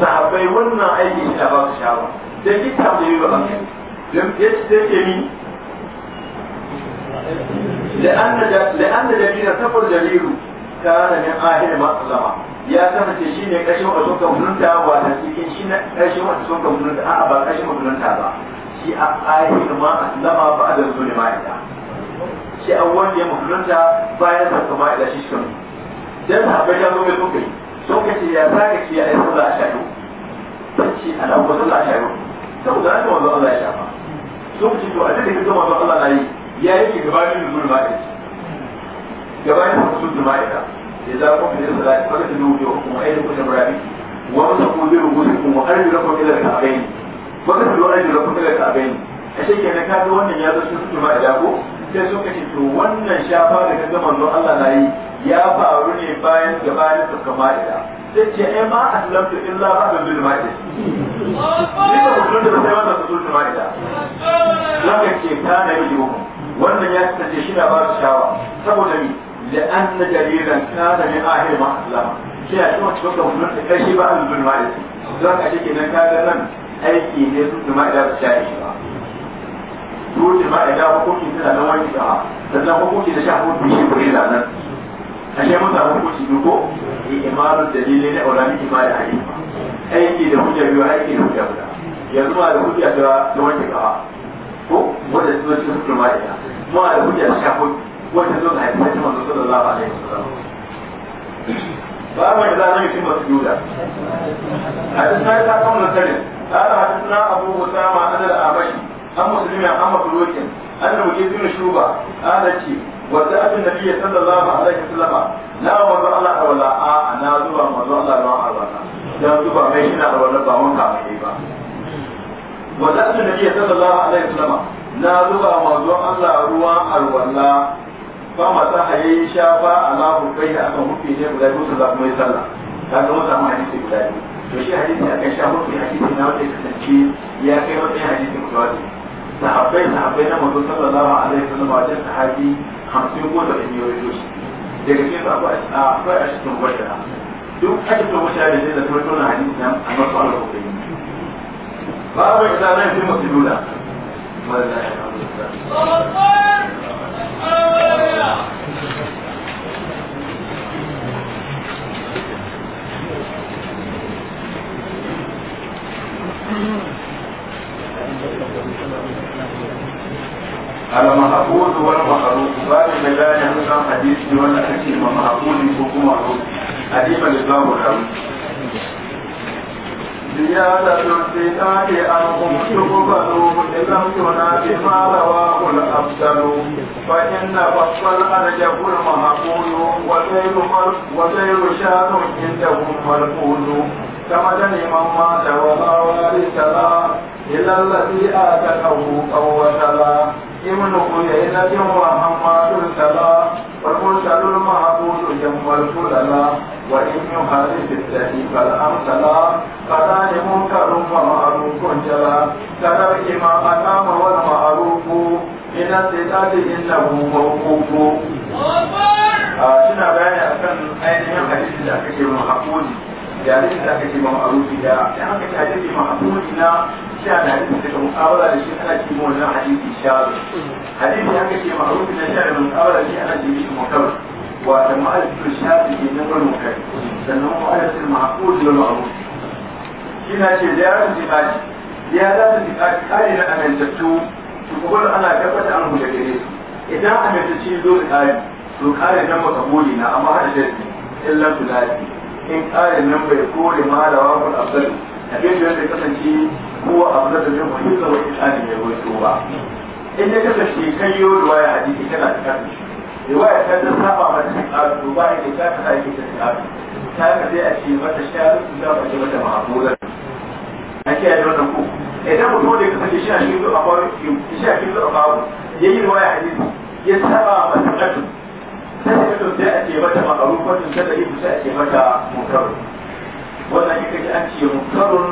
sahabbai wannan aiki shi da ba su shawa dan duk ta mai ba dan yace sai ni لأن لأن جميل تقول جميل kana min ahir ma sallama ya kasance shi ne kashin wasu ka mununta wa da cikin shi ne kashin wasu ka mununta a ba kashin mununta ba shi a ahir ma sallama ba da zuwa ma ita shi a wanda ya mununta bayan sa kuma ila shi shi dan sahabbai ya zo mai kuka yi sun kace ya zaka ce ya yi sallah a shaɗu sun ce ana ko sallah a shaɗu saboda haka wanzu Allah ya shafa sun ce to a duk da kuma wanzu Allah na yi ya yi ke gabanin zuwa ma ita gabanin su su ma'aika idza qumtum ila salati faqtulu wujuhakum wa aydikum ila marafiq wa amsaku bi ru'usikum wa arjulakum ila al-ka'bayn faqtulu arjulakum ila al-ka'bayn ashe kenan ka ga wannan ya zama su su ma'aika ko sai suka ce to wannan shafa da ka gama don Allah na yi ya faru ne bayan gabanin su kama'ida sai ce ai eh, ma aslamtu illa ba'da bil ma'ida ni ba mutum da sai wannan su su ma'aika zaka ce ta na yi wannan ya tace shi na ba su shawa saboda ni لأن جريرا كان من آخر ما أسلم shi a cikin cikin kamfanin da kashi ba an zuwa da su za ka shi kenan ka ga nan aiki ne su zuma ida su shaye shi ba su zuma ida hukunci suna nan wani da sannan hukunci da sha hukunci shi kuri da nan a shi mun samu hukunci duko imanin dalilai na aulani imani a yi aiki da hujja aiki da hujja guda yanzu ma da hujja da wani da ko wanda ma wata zo haifu wata manzo su da za a laifin su ba mai zanen mutum ba su yuda a cikin sai ta kan ta da suna abu wata ma an da amashi an musulmi an ma furokin an da muke tunan shuba an ce wata abin da biya san da za a na wanzu ala a wala na zuwa wanzu ala na arwata don zuba mai shina a wala ba wanka a kai ba wata abin biya san da za a na zuba wanzu ala ruwa arwala ba ma sa haye shafa ala bai da aka mutu ne guda biyu su za kuma yi sallah ta ga wata ma hadisi guda biyu to shi hadisi akan sha mutu hadisi na wata ya kasance ya kai wata hadisi guda biyu sahabbai sahabbai na manzo sallallahu alaihi wa wasallam wajen sahabi hamsin ko da ɗin yau yau daga cikin su akwai a cikin wata duk aji hadisin wata da zai da turtuna hadisi na amma su ala hukai babu idan nan fi musulula wanda ya على ما أقول وأنا مخلوق بعد بالله يحسن حديثي وأنا حكيم وما أقول وكما أقول أديب الإسلام والحمد زيادة الفتاة أنهم تقبلوا لم ينافي ما رواه الأفضل فإن فصل الأرجح المهقول وسير وسير شان عندهم مرفوض كمدن من مات ولا وارث لا إلا الذي آتته قوة لا ابن قيينة وحماد سلا والمرسل المهبول جم الفللا وإن يحارب التهيب الأمثلا قد ta sai ta ce suna ah, bayani akan ainihin hadisi da aka ce mahfuz da hadisi da aka ce ma'rufi da haka ta hadisi mahfuz na sha da hadisi daga muqabala da shi ana ce mu wannan hadisi sha hadisi da aka ce ma'rufi na sha da muqabala shi ana ce shi muqabala wa da ma'arifu sha da ke nan wani mukai sannan ma'arifu mahfuz da ma'ruf shi na ce ziyarar jima'i ziyarar jima'i kare na amintattu kuma ana tabbata an huta gare su idan a mace ce zo da kare to kare nan baka gode na amma hada da shi illa tulati in kare nan bai kore ma da wakon abdul abin da ya kasance kowa abdul da zai fahimta wa isani ya wato ba in ya kasance kai, yi ruwaya hadisi tana da kasance. shi ruwaya ta ta saba mata shi kafin to ba ya ke ta kasa yake ta kafin ta ka sai a ce mata shi a rufu za a ce mata Na ake yi wannan kuku idan mutum da ya kasance shi a cikin zuwa babu shi a cikin zuwa babu ya yi ruwaya hadisi ya saba masa katu sai da katu sai a ce mata makaru kwatin sai da sai a ce mata munkaru wannan in kaji an ce munkarun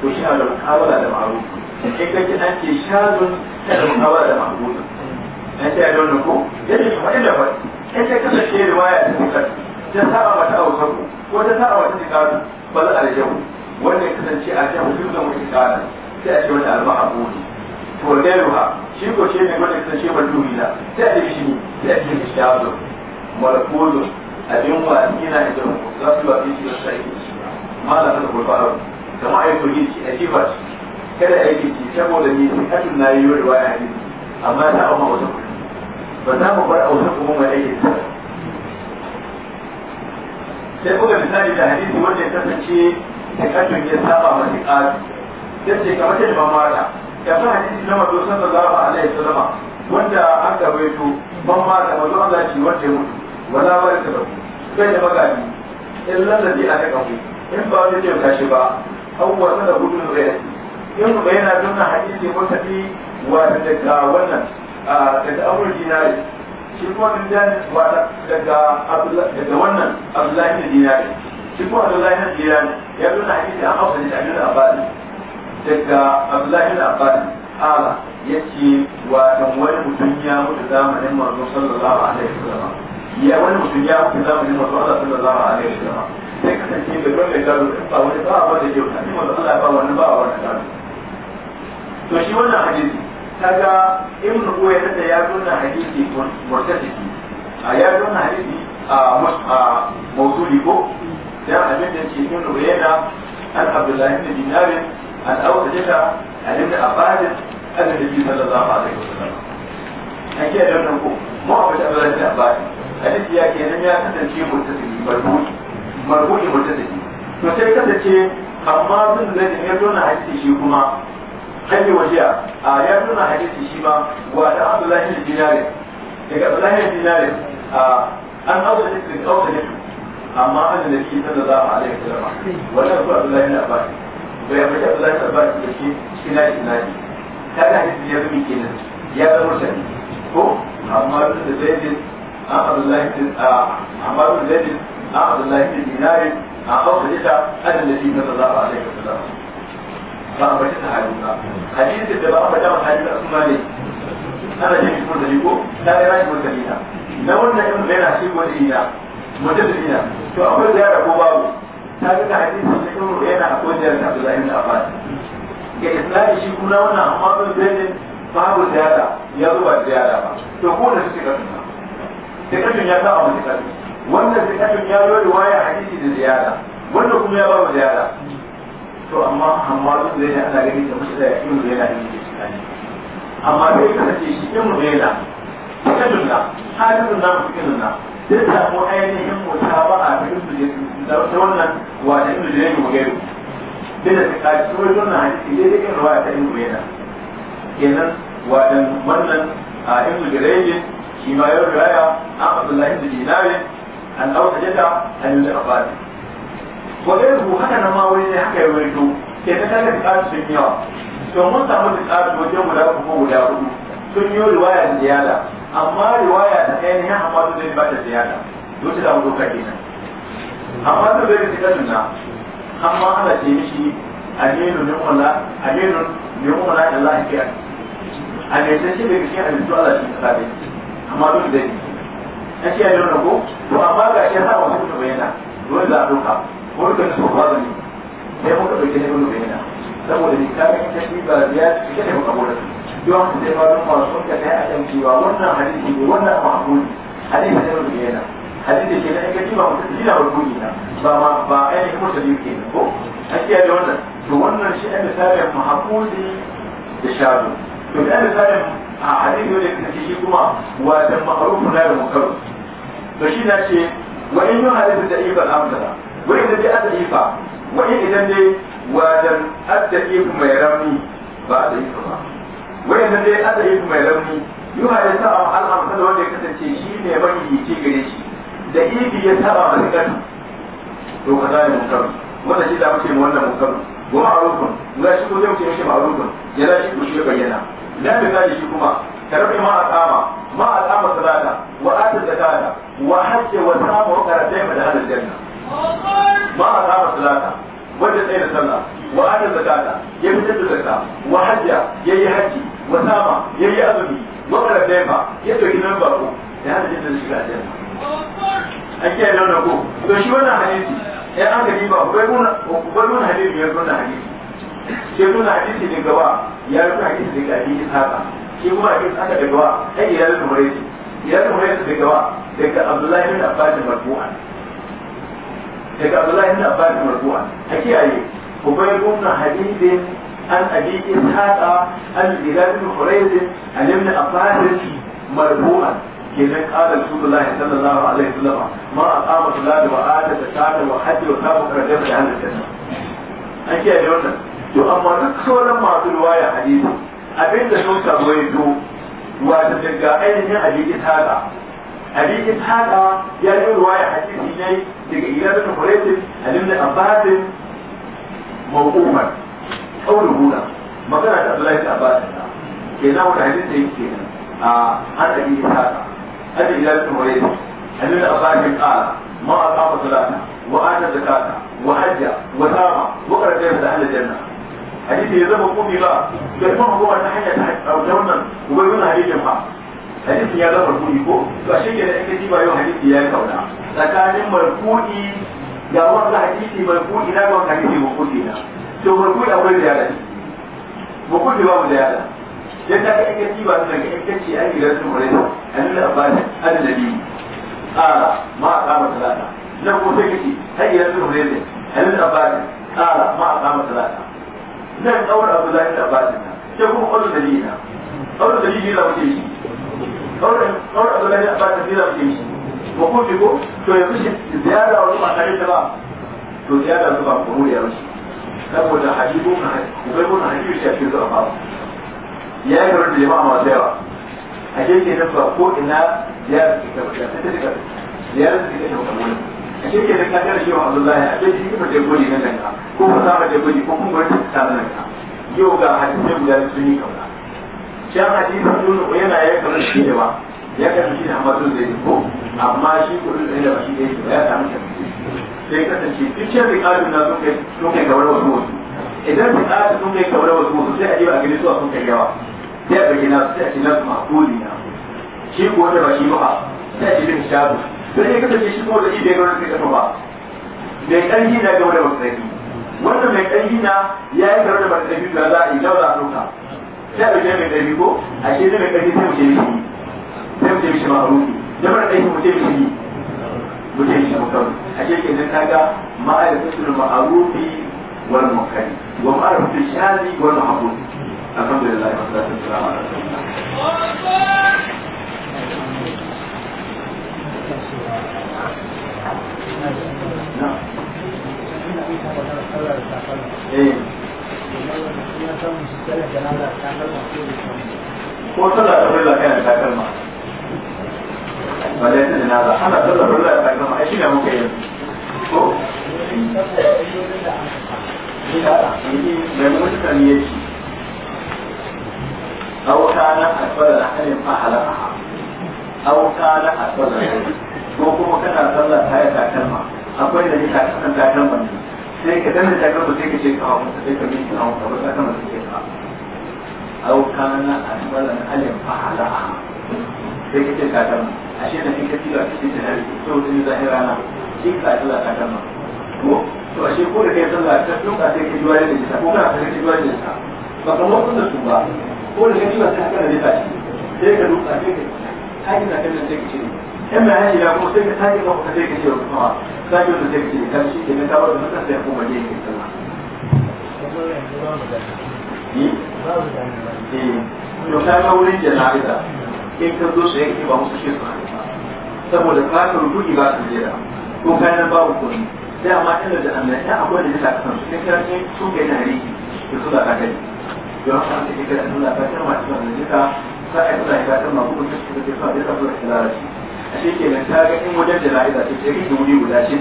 to shi na da mukabala da ma'aru in kaji an ce shazun sai da mukabala da ma'aru na ce ya daunin ko yadda shi faɗi da faɗi in ta kasance ruwaya da katu ta saba mata a wasu ko ta saba mata da katu ba za a da jahu wannan kasance a jahu duk da mutum kanan sai a ce mata a buɗe to gairuha shi ko shi ne wanda ta ce baturi da sai a ce shi sai a ce shi yazo malakudu abin wa ina da mu za su ba shi da ma za su ko fara kamar ai a yi a shi. kada aiki ci saboda ni hadin na yi waya ne amma ta amma wata kuma ba za mu bar a autar kuma mai aiki ta sai kuka misali da hadisi wanda ya kasance da kashin ya saba masu ƙasa yace kamar yadda mamata ya fa hadisi na mazo sallallahu alaihi wasallam wanda an gabaito ba mazo Allah shi wanda ya mutu wala ba da ku kai da magani in lallabi a daga ku in ba wani ke kashi ba abubuwa sana gudun zai in ba yana dunna hadisi ko tafi wa daga wannan daga abul dinari shi kuma din dan wa daga daga wannan abdullahi dinari shi kuma abdullahi dinari ya dunna hadisi an hausa ne a dunna abadi daga abdullahi da abbas ala ya ce watan wani mutum ya mutu zamanin manzo sallallahu alaihi wasallam ya wani mutum ya mutu zamanin manzo sallallahu alaihi wasallam sai kasance da da gado ba wani ba wanda ke mutane manzo Allah ba wani ba wani gado to shi wannan hadisi kaga ibn uwayna da ya zo na hadisi murtasiki a ya zo hadisi a mawzuli ko dan abin da ke ibn yana an abdullahi bin dinarin عن أول جشع عن ابن عباس أن النبي صلى الله عليه وسلم أكيد أنه ما هو بش أبدا ابن عباس hadisi ya ke nan ya kasance murtasili marbuci marbuci murtasili to sai kasance amma sun da ne ya tona hadisi shi kuma hanyar wajiya a ya tona hadisi shi ma wa da abdullahi da dinare daga abdullahi da dinare a an auta da auta da amma an da shi sallallahu alaihi wasallam wannan abdullahi to ya fita Allah ta ba shi shi cikin nashi nashi kana shi ya zubi kenan ya zama shari ko amma da zaidin abdullahi bin amma da zaidin abdullahi bin dinari a hausa ita an da shi na sallallahu alaihi wasallam ba a bashi ta hadisi ba hadisi da ba a ma hadisi a suna ne ana jin shi mutane ko ta ga nashi mutane na wannan yin bayan shi mutane na mutane na to akwai ziyara ko babu ta ga hadisi cikin yana hujjar da Abdullahi bin Abbas ga islahi shi kuma wannan amma bin zaidin babu ziyara ya zuba ziyara ba to ko da suke kasu sikatun ya sa abu sikatu wannan sikatun ya yi riwaya hadisi da ziyara wanda kuma ya babu ziyara to amma amma bin zaidin ana gani da mushi da yakin da yana yin islahi amma bai kasance shi in mu zaina sikatun na halin na mutum na zai samu ainihin mutaba a cikin su ne ta wannan wa ta ibnu jurayj mu gairu bila ta kai su wai wannan hadisi ne dai riwaya ta ibnu jurayj kenan wa dan wannan a ibnu jurayj shi ma ya riwaya an abdullahi ibn dinawi an dauka jada an yi abadi wa gairu haka na ma wani ne haka ya waito kenan ta ga kai sun yawa to mun samu da tsari wajen guda kuma guda hudu sun yi riwaya da ziyada amma riwaya da ainihin hamadu zai ba da ziyada dole da hudu kenan amma da zai ji kanin na amma ana ce mishi aminu ne wala aminu ne wala Allah ya a ne ta shi bai cikin halittu Allah shi ka amma duk da shi an ce yau na ko to amma ga shi har wasu da bayyana dole za a duka ko duka su ba da ni sai muka dauke ne mun bayyana saboda ni ka ga ta shi ba biya shi ne muka bura don sai ba don masu ka kai a kan cewa wannan hadisi ne wannan mahmud hadisi ne mun bayyana hadisi ke na inganci ba mutum jina rukuni na ba ma ba ainihin mutum ke na ko an kiyaye wannan to wannan shi ɗan misalin mahakuli da shaɗu to ɗan misalin a hadisi ne da shi kuma wata ma'arufu na da mukaru to shi na ce wa in yi hadisi da ifa al'amdala wa in da ji a da ifa wa in idan dai wata adda ifa mai rami ba da ifa ba wa in da dai adda ifa mai rami yi hadisi a al'amdala wanda ya kasance shi ne mafi ce gare shi da ibi ya saba ma sikata to ka zane munkar wannan shi da muke wannan munkar wa ma'rufun ga shi ko zai shi mishi ma'rufun yana shi ko shi bayyana dan misali shi kuma karbi ma aqama ma aqama salata wa ata zakata wa hajja wa sama wa qaratai ma da hadal janna ma aqama salata wanda tsaye da sallah wa ata zakata ya fitar da zakka wa hajja yayi haji wa sama yayi azumi wa qaratai ma ya dauki nan bako da hadal janna shiga ga janna ake yana da ko to shi wannan hadisi ya an gani ba bai nuna bai nuna hadisi ya nuna hadisi shi nuna hadisi din gaba ya nuna hadisi din hadisi haka shi kuma hadisi aka da gaba ai ya nuna muraisi ya nuna muraisi da gaba daga Abdullahi bin Abbas marfu'an daga Abdullahi bin Abbas marfu'an ake ayi ubay kunna hadisi an abi haka an bilal bin hurayz an ibn abbas marfu'an kenan qala rasulullahi sallallahu alaihi wasallam ma aqama salat wa ata zakat wa hajj wa tabu qadam da Allah kenan an kiyaye wannan to amma duk sauran masu riwaya hadisi abinda sun samu wa wata daga ainihin hadisi tada hadisi tada ya yi riwaya hadisi ne daga iyalin Hurayth alimna Abbas mawquman kawai huna magana da Allah ya tabbata kenan wannan hadisi yake kenan a an hadisi tada هذه إجابة مريض أن الأصابع قال ما أقام صلاته وآتى زكاته وحج وسام وقرأ كيف أهل الجنة حديث يذهب قومي لا كلمة هو أن حياة أو جنة وبيقول هذه ما حديث يذهب قومي مرفوعي كو فأشيء إذا أنت تبا يوم حديث يا كونا لكن مرقودي يا والله حديث مرفوعي لا يوم حديث مرقودي لا تو مرفوعي أول زيادة مرفوعي باب زيادة yadda aka ake ba su daga ake a gidan su wurin da ba da annabi ƙara ma a kama talata ko sai kace a gidan su wurin da ba da ƙara ma a kama talata nan kawar abu zai da ba da ke kuma ƙwaro da lina ƙwaro da lina shi ƙwaro abu zai da ba da lina shi ba ko ko to yanzu ziyara wani ba tare da ba to ziyara zuba ko ya rushe saboda hadibu na hadibu na hadibu shi a zuwa ba ya yi da jama'a masu yawa a keke na ba ko ina ya da ta ta ta da ya da ta ta wani a shirke da kakar shi wa abdullahi a da shi mace goli na danka da ba za mace goli ko da ta ta na danka yau da hadisai guda sun yi kauna da hadisin sun yana ya kamar shi ne da ya kan shi da da zai ko amma shi kudin da ba shi ne da ya samu sai kasance duk can rikalin na sun kai sun wasu wasu idan rikalin sun kai kamar wasu wasu sai a yi ba gani su a sun kai yawa sai a a na na shi ko wanda ba shi ba a bin shabu shi ko da shi bai wani kafa ba mai ƙarfi na ga wani yi wannan mai ƙarfi na ya yi wani ta da za a yi za a ɗauka a mai ƙarfi ko a ne mai ƙarfi sai mu ce mishi sai mu ce mishi da mara ƙarfi mu ce mishi mu ce mishi a ke nan kaga ma'aikatan wal mukari wa shazi wal alhamdulillah wassalatu ala rasulillah ko da takalma ba da yana ana da takalma ai muke ko mutane ya ce أو كان أكبر لحن فحلقها أو كان أكبر لحن وكما كان صلى هاي كلمة أقول لك أحسن كلمة sai ka danna ta sai ka ce sai ka miki hawo أو كان أكبر ألف فحلقها sai ce ka ashe da kika ci da kike da hari to din zahira na shi ka ka ko to ashe ko da kai sallah ta duka sai ka jiwa da ta ko ka ka jiwa da ta ba kamar kun da su ba ko da kima ta haka da ta ce sai ka duka sai ka kai na kan sai ka ce in ma yayi ya kuma sai ka sai ka kuma sai ka ce kuma sai ka sai ka ce kan shi ke ta bar da sai kuma je ka sama eh. to ta ga wurin jana'iza in ka zo sai ka ba musu shi ba saboda ka rubuci ba su jira ko kayan babu kuɗi dama tana da annabi akwai da ta kasan su kai kan su ga tarihi da su da kakari don shi ake kira sallah ta kalma ta sallah ne ta sa ai sallah ta kalma ko ta shi ce sa da ta sallah ta a shi kenan ta ga in wajen da la'iza ce ta wuri guda ce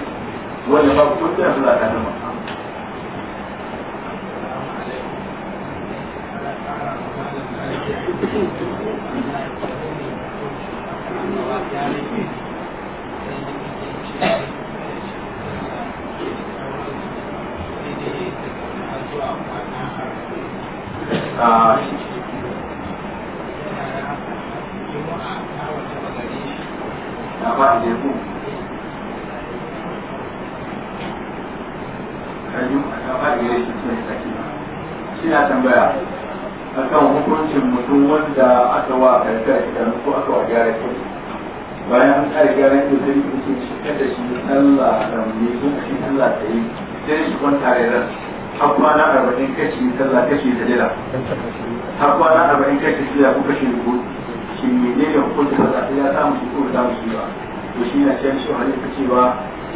wanda babu kudin sallah ta kalma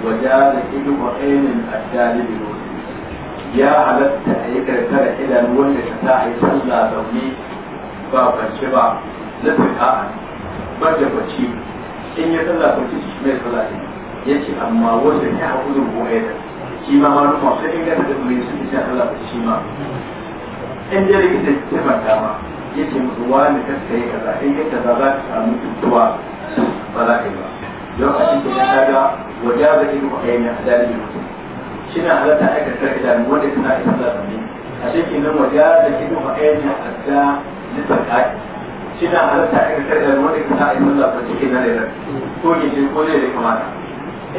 wajen ilu wa ainihin a jali da ya halarta a yi karkar idan wanda ka ta a yi sallah da ba kwanci ba na fita a bar da kwanci in ya sallah kwanci shi mai sallah ne ya ce amma wanda ya haku da buwaye da shi ma ma rufa sai in gata da mai sun ce sallah kwanci shi ma in jere ta tafa dama ya ce musu wani kaskare kaza in ya kaza za ka samu tuntuwa ba za ka yi ba don a cikin ya kaga wajen da ilmu a ne a dalilin mutum shi na halatta aikata idanu wanda suna isa da a cikin nan wajen da ilmu a ne a da nisan kai. shi na halatta aikata idanu wanda suna isa da cikin nan da ko gindin ko zai da kamata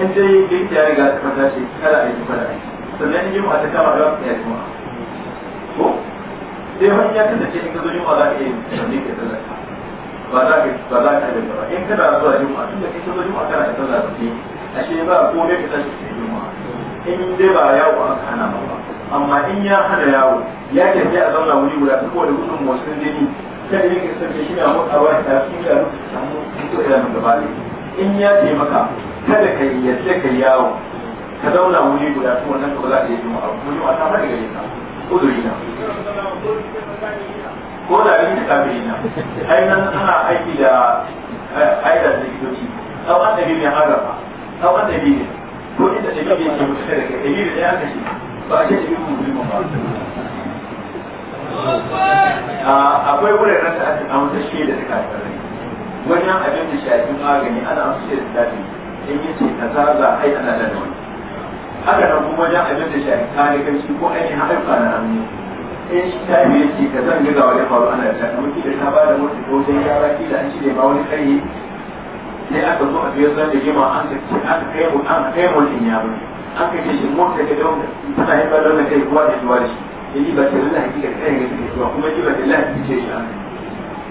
in dai gidi ya riga ta fata shi kada a yi fada sannan in jima'a ta kama da wasu ya ko sai wani ya kasance in ka zo jima'a za ka iya yin sannan eh, ke sallar ba za ka ba za ka rinka ba in kana zuwa juma'a tun da kai zuwa juma'a kana da sallah ce ashe ba ko ne ka tashi da juma'a in dai ba yawo a kana ba amma in ya hana yawo ya ke sai a zauna wuri guda ko da gudun motsin ni kada ne ka sanke shi ne na mutawa ta shi ga su samu su da mun gaba ne in ya taimaka kada ka yi yadda ka yawo ka zauna wuri guda ko wannan ka ba za ka yi juma'a ko juma'a ta fara gare ka udurina ko da abin da kafiri na ai nan ana aiki da eh, aida da likitoci sau an da bibi harafa sau an da bibi ko inda da bibi ke mutu da kai bibi da aka ce ba a ce da bibi musulman ba akwai wuraren da aka samu tashi da ta kafirai wajen abin da shafin magani ana amsa da tafi in yi ce ka zaga ai ana da wani haka nan kuma wajen abin da shafin kare kai ko ainihin haifa na hannu in shi ta yi ce ka zan gaga wani faru ana da shaka mutu da ta ba da mutu ko sai ya baki da an cire ma wani kai sai aka zo a biyar zan da jima an ka ce an kai mu an kai mu in ya mun an ka ce shi mu ka ga don tana yin ballon da kai kuma da shi wani yaji ba ta lillahi kika kai ga kike zuwa kuma ji ba ta lillahi kike shi an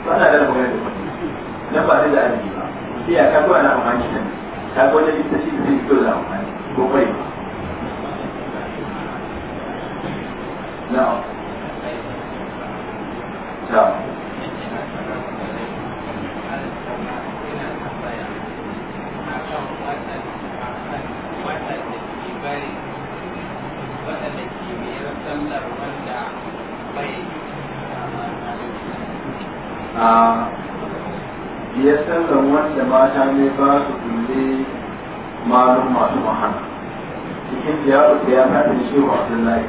ba na da magana da mutum nan ba da da an ba sai ya kago ana amfani da ka ga wani littafi da zai fito da amfani ko kai na'am a biyar sallan wanda mata ne ba su kulle malum masu mahana cikin jihar da ya fadin shi wa abdullahi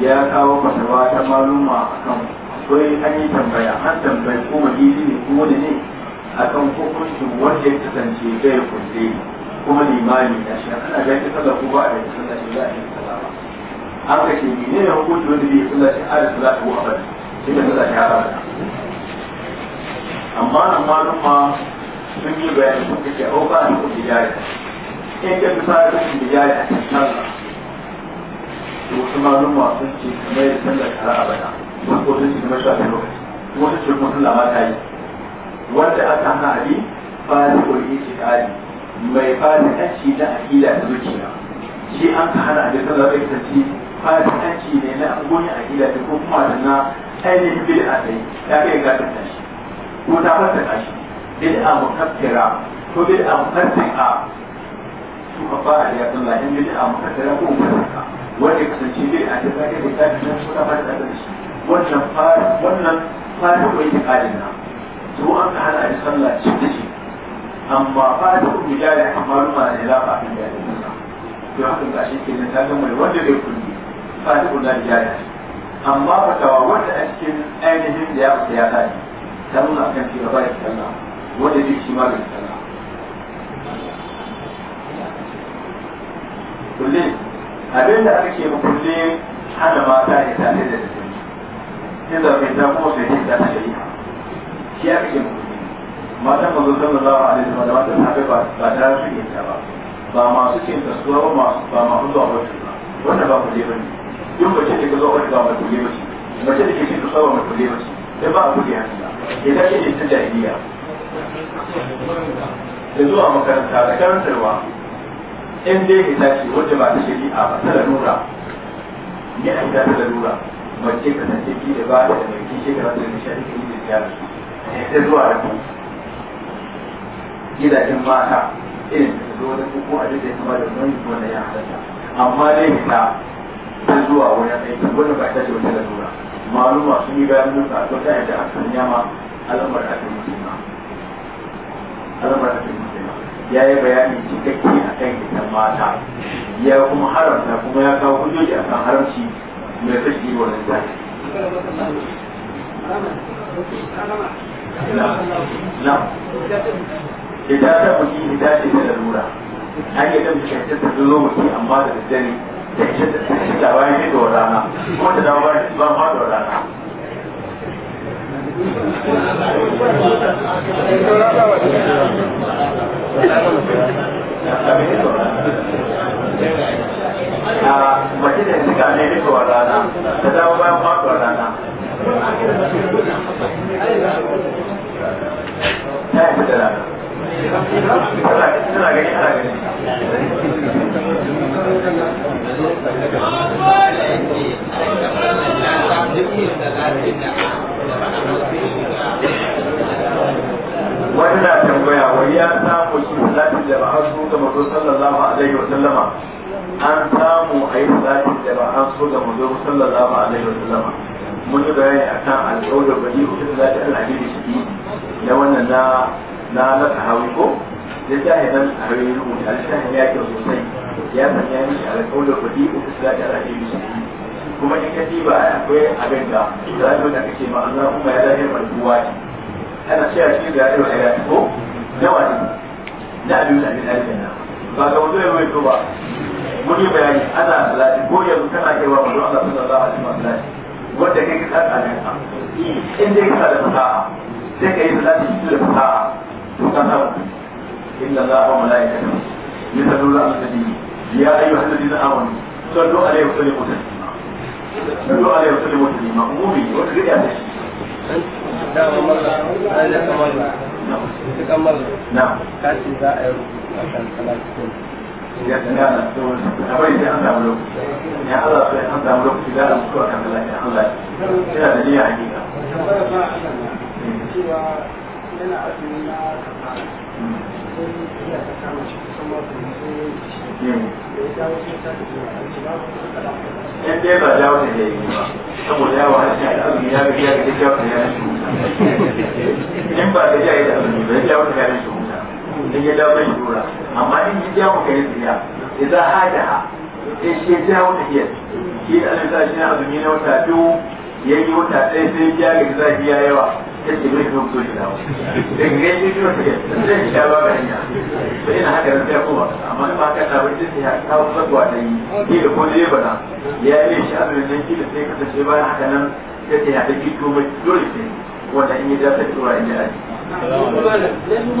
ya kawo mata wata maluma a kan wai an yi tambaya an tambayi ko wajiri ne ko wani ne a kan hukuncin wanda ya kasance bai kulle kuma limani na shi ana ga ta sallah ko ba a da sallah shi za a yi sallah ba an ka ce ne ne hukunci wanda bai sallah shi a da sallah ko abadi shi da sallah ya ba amma nan malum sun yi bayani sun kace au ba ni kuɗi jari in ka fi fara kuɗi jari a kan sallah to wasu malum sun ce kamar da sallah kara abada wani kotun shi kamar shafi lokaci kuma ta ce kuma Allah ma ta yi wanda aka hana ali fasi ko yi shi kari mai fasi kanci na akida da zuciya shi an ka hana ali sallallahu alaihi wasallam fasi kanci ne na gonin akida da ko kuma da na ainihin bid'a da ya kai ga ta shi ko ta fasa kashi bid'a mukaffira ko bid'a mukaffira su ka fara da ya sallah in bid'a mukaffira ko mukaffira wanda kasance bid'a da ta kai da ta kai ko ta fasa da shi wannan fari wannan fari wai ta kalin nan to an ka hana a sallah ce da shi amma fari ko mijali amma ruma da lafa a mijali to haka ga shi ke nan ta ga mai wanda bai kulli fari ko na mijali amma fatawa wanda a cikin ainihin da ya fita ya tsari ta nuna kan shi gaba da sallah wanda zai shi ma bai sallah kullum abin da ake kullum hana mata ya tare da in za ka ta kuma sai ta ta shari'a shi ya kake mutum matan mazo sallallahu alaihi wa sallam da sahabbai ba ba ta su yin ta ba ba masu cin kasuwa ba masu ba masu zuwa wata ba wannan ba ku je ba ne duk mace da ka zo wata ba ku je ba ce mace da ke cin kasuwa ba ku je ba ce sai ba a ku je hannu idan ke ce ta jahiliya da zuwa makaranta da karantarwa in dai ita ce wanda ba ta shari'a ba ta lalura ne a ita ta lalura mace ka sace ki da ba da mai kishi ka sace shi ake yi da iyali sai zuwa da ku gidajen mata irin da zo da ku ko a duk da kuma da wani wanda ya halatta amma dai ta ta zuwa wani aiki wanda ba ta ce wata da lura maluma sun yi bayan nan ka ta yadda aka sanya ma al'amar da ake ma al'amar da ake ma ya yi bayani cikakke a kan gidan mata ya kuma haramta kuma ya kawo hujjoji a kan haramci mai take wa nan zai na idan ta buki idan ce da lalura an yi dan bikin ta zo mutum amma da daddare da ita da ta ta ba a mace da suka ne rikowar rana ta dawo bayan faɗuwar rana ta yi da rana tana gani ana gani wani na tambaya wai ya samu shi salatin da ba'a su ga mazo sallallahu alaihi wa sallama an samu a yi salati da ba an so ga mazo sallallahu alaihi wa zama mun yi bayani akan alƙawar bani ko da zaki Allah ne shi na wannan na na na tahawi ko ya yi nan a hawi rubuta alshahin ya ke sosai ya san ya mishi alƙawar bani ko da zaki Allah ne shi kuma in ka ba akwai abin da za ka da kace ma Allah kuma ya zahir malkuwa ne ana cewa shi ga irin ayati ko nawa ne na abin da ne ba ga wanda ya mai ba muni bayani ana salati ko yanzu kana kai wa manzo Allah sallallahu alaihi wasallam wanda kai ka tsaka ne ka in dai ka da ka sai kai salati da ka to ka san inna Allah wa malaikatahu yusalluna ala nabi ya ayyuhal ladina amanu sallu alaihi wa sallimu taslima sallu alaihi wa sallimu taslima umumi wanda zai da shi نعم. نعم. كاتب ذا أيرو عشان ثلاث سنين. ya tana da a bari sai an samu lokaci ya Allah sai an samu lokaci da an zuwa kan Allah ya Allah yana da niyya hakika yana azumi na in ba da yi ba saboda yawa harshe da azumi ya ga ya ga ya ga ya ga in ba da ya ga azumi ba ya ga ya ga ya ga sai ya dawo shi dora amma in ji jawo ka yi tsiya idan ha da ha sai shi ya jawo da iya shi da alisa shi na azumi na wata biyu ya yi wata ɗaya sai ya ga zafi ya yawa ta ce mai kuma so shi dawo daga gai ne shi wata iya sai shi dawo ga hanya sai ina haka nan ya kuma amma ba ka ta bai sai ya kawo tsakwa da yi ni da ko ne bana ya yi shi azumin ne shi da sai kasance bayan haka nan sai ya ta fito mai dole sai wanda in yi ja ta tura in ya aji cikin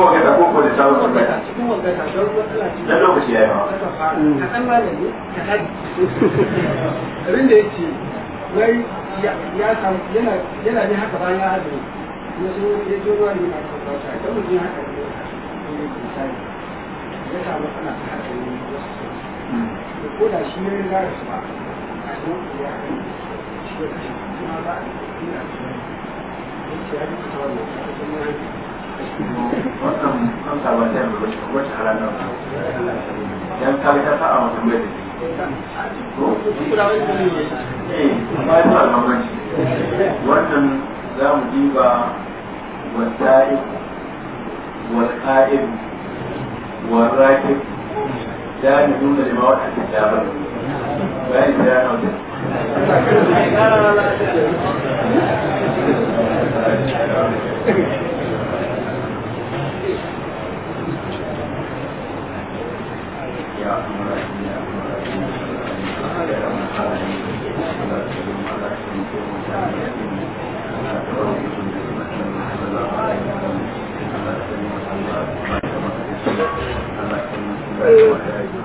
wakata ko ko da sabon wakata cikin ce da da wai ya samu yana yana ne haka bayan ya haɗu ya zo ya zo ruwa ne na kwata ta mutum haka ne ya samu matsala ta haɗu ko da shi ne za su ba a nan ya yi shi kuma eh, ba a yi a cikin ya ce ya ta yanzu wacce yan ta a bai da ko wannan za mu diba wasa'i والقائم والراكب سامعون لما وحد الكتاب لا لا لا Thank you. Thank you.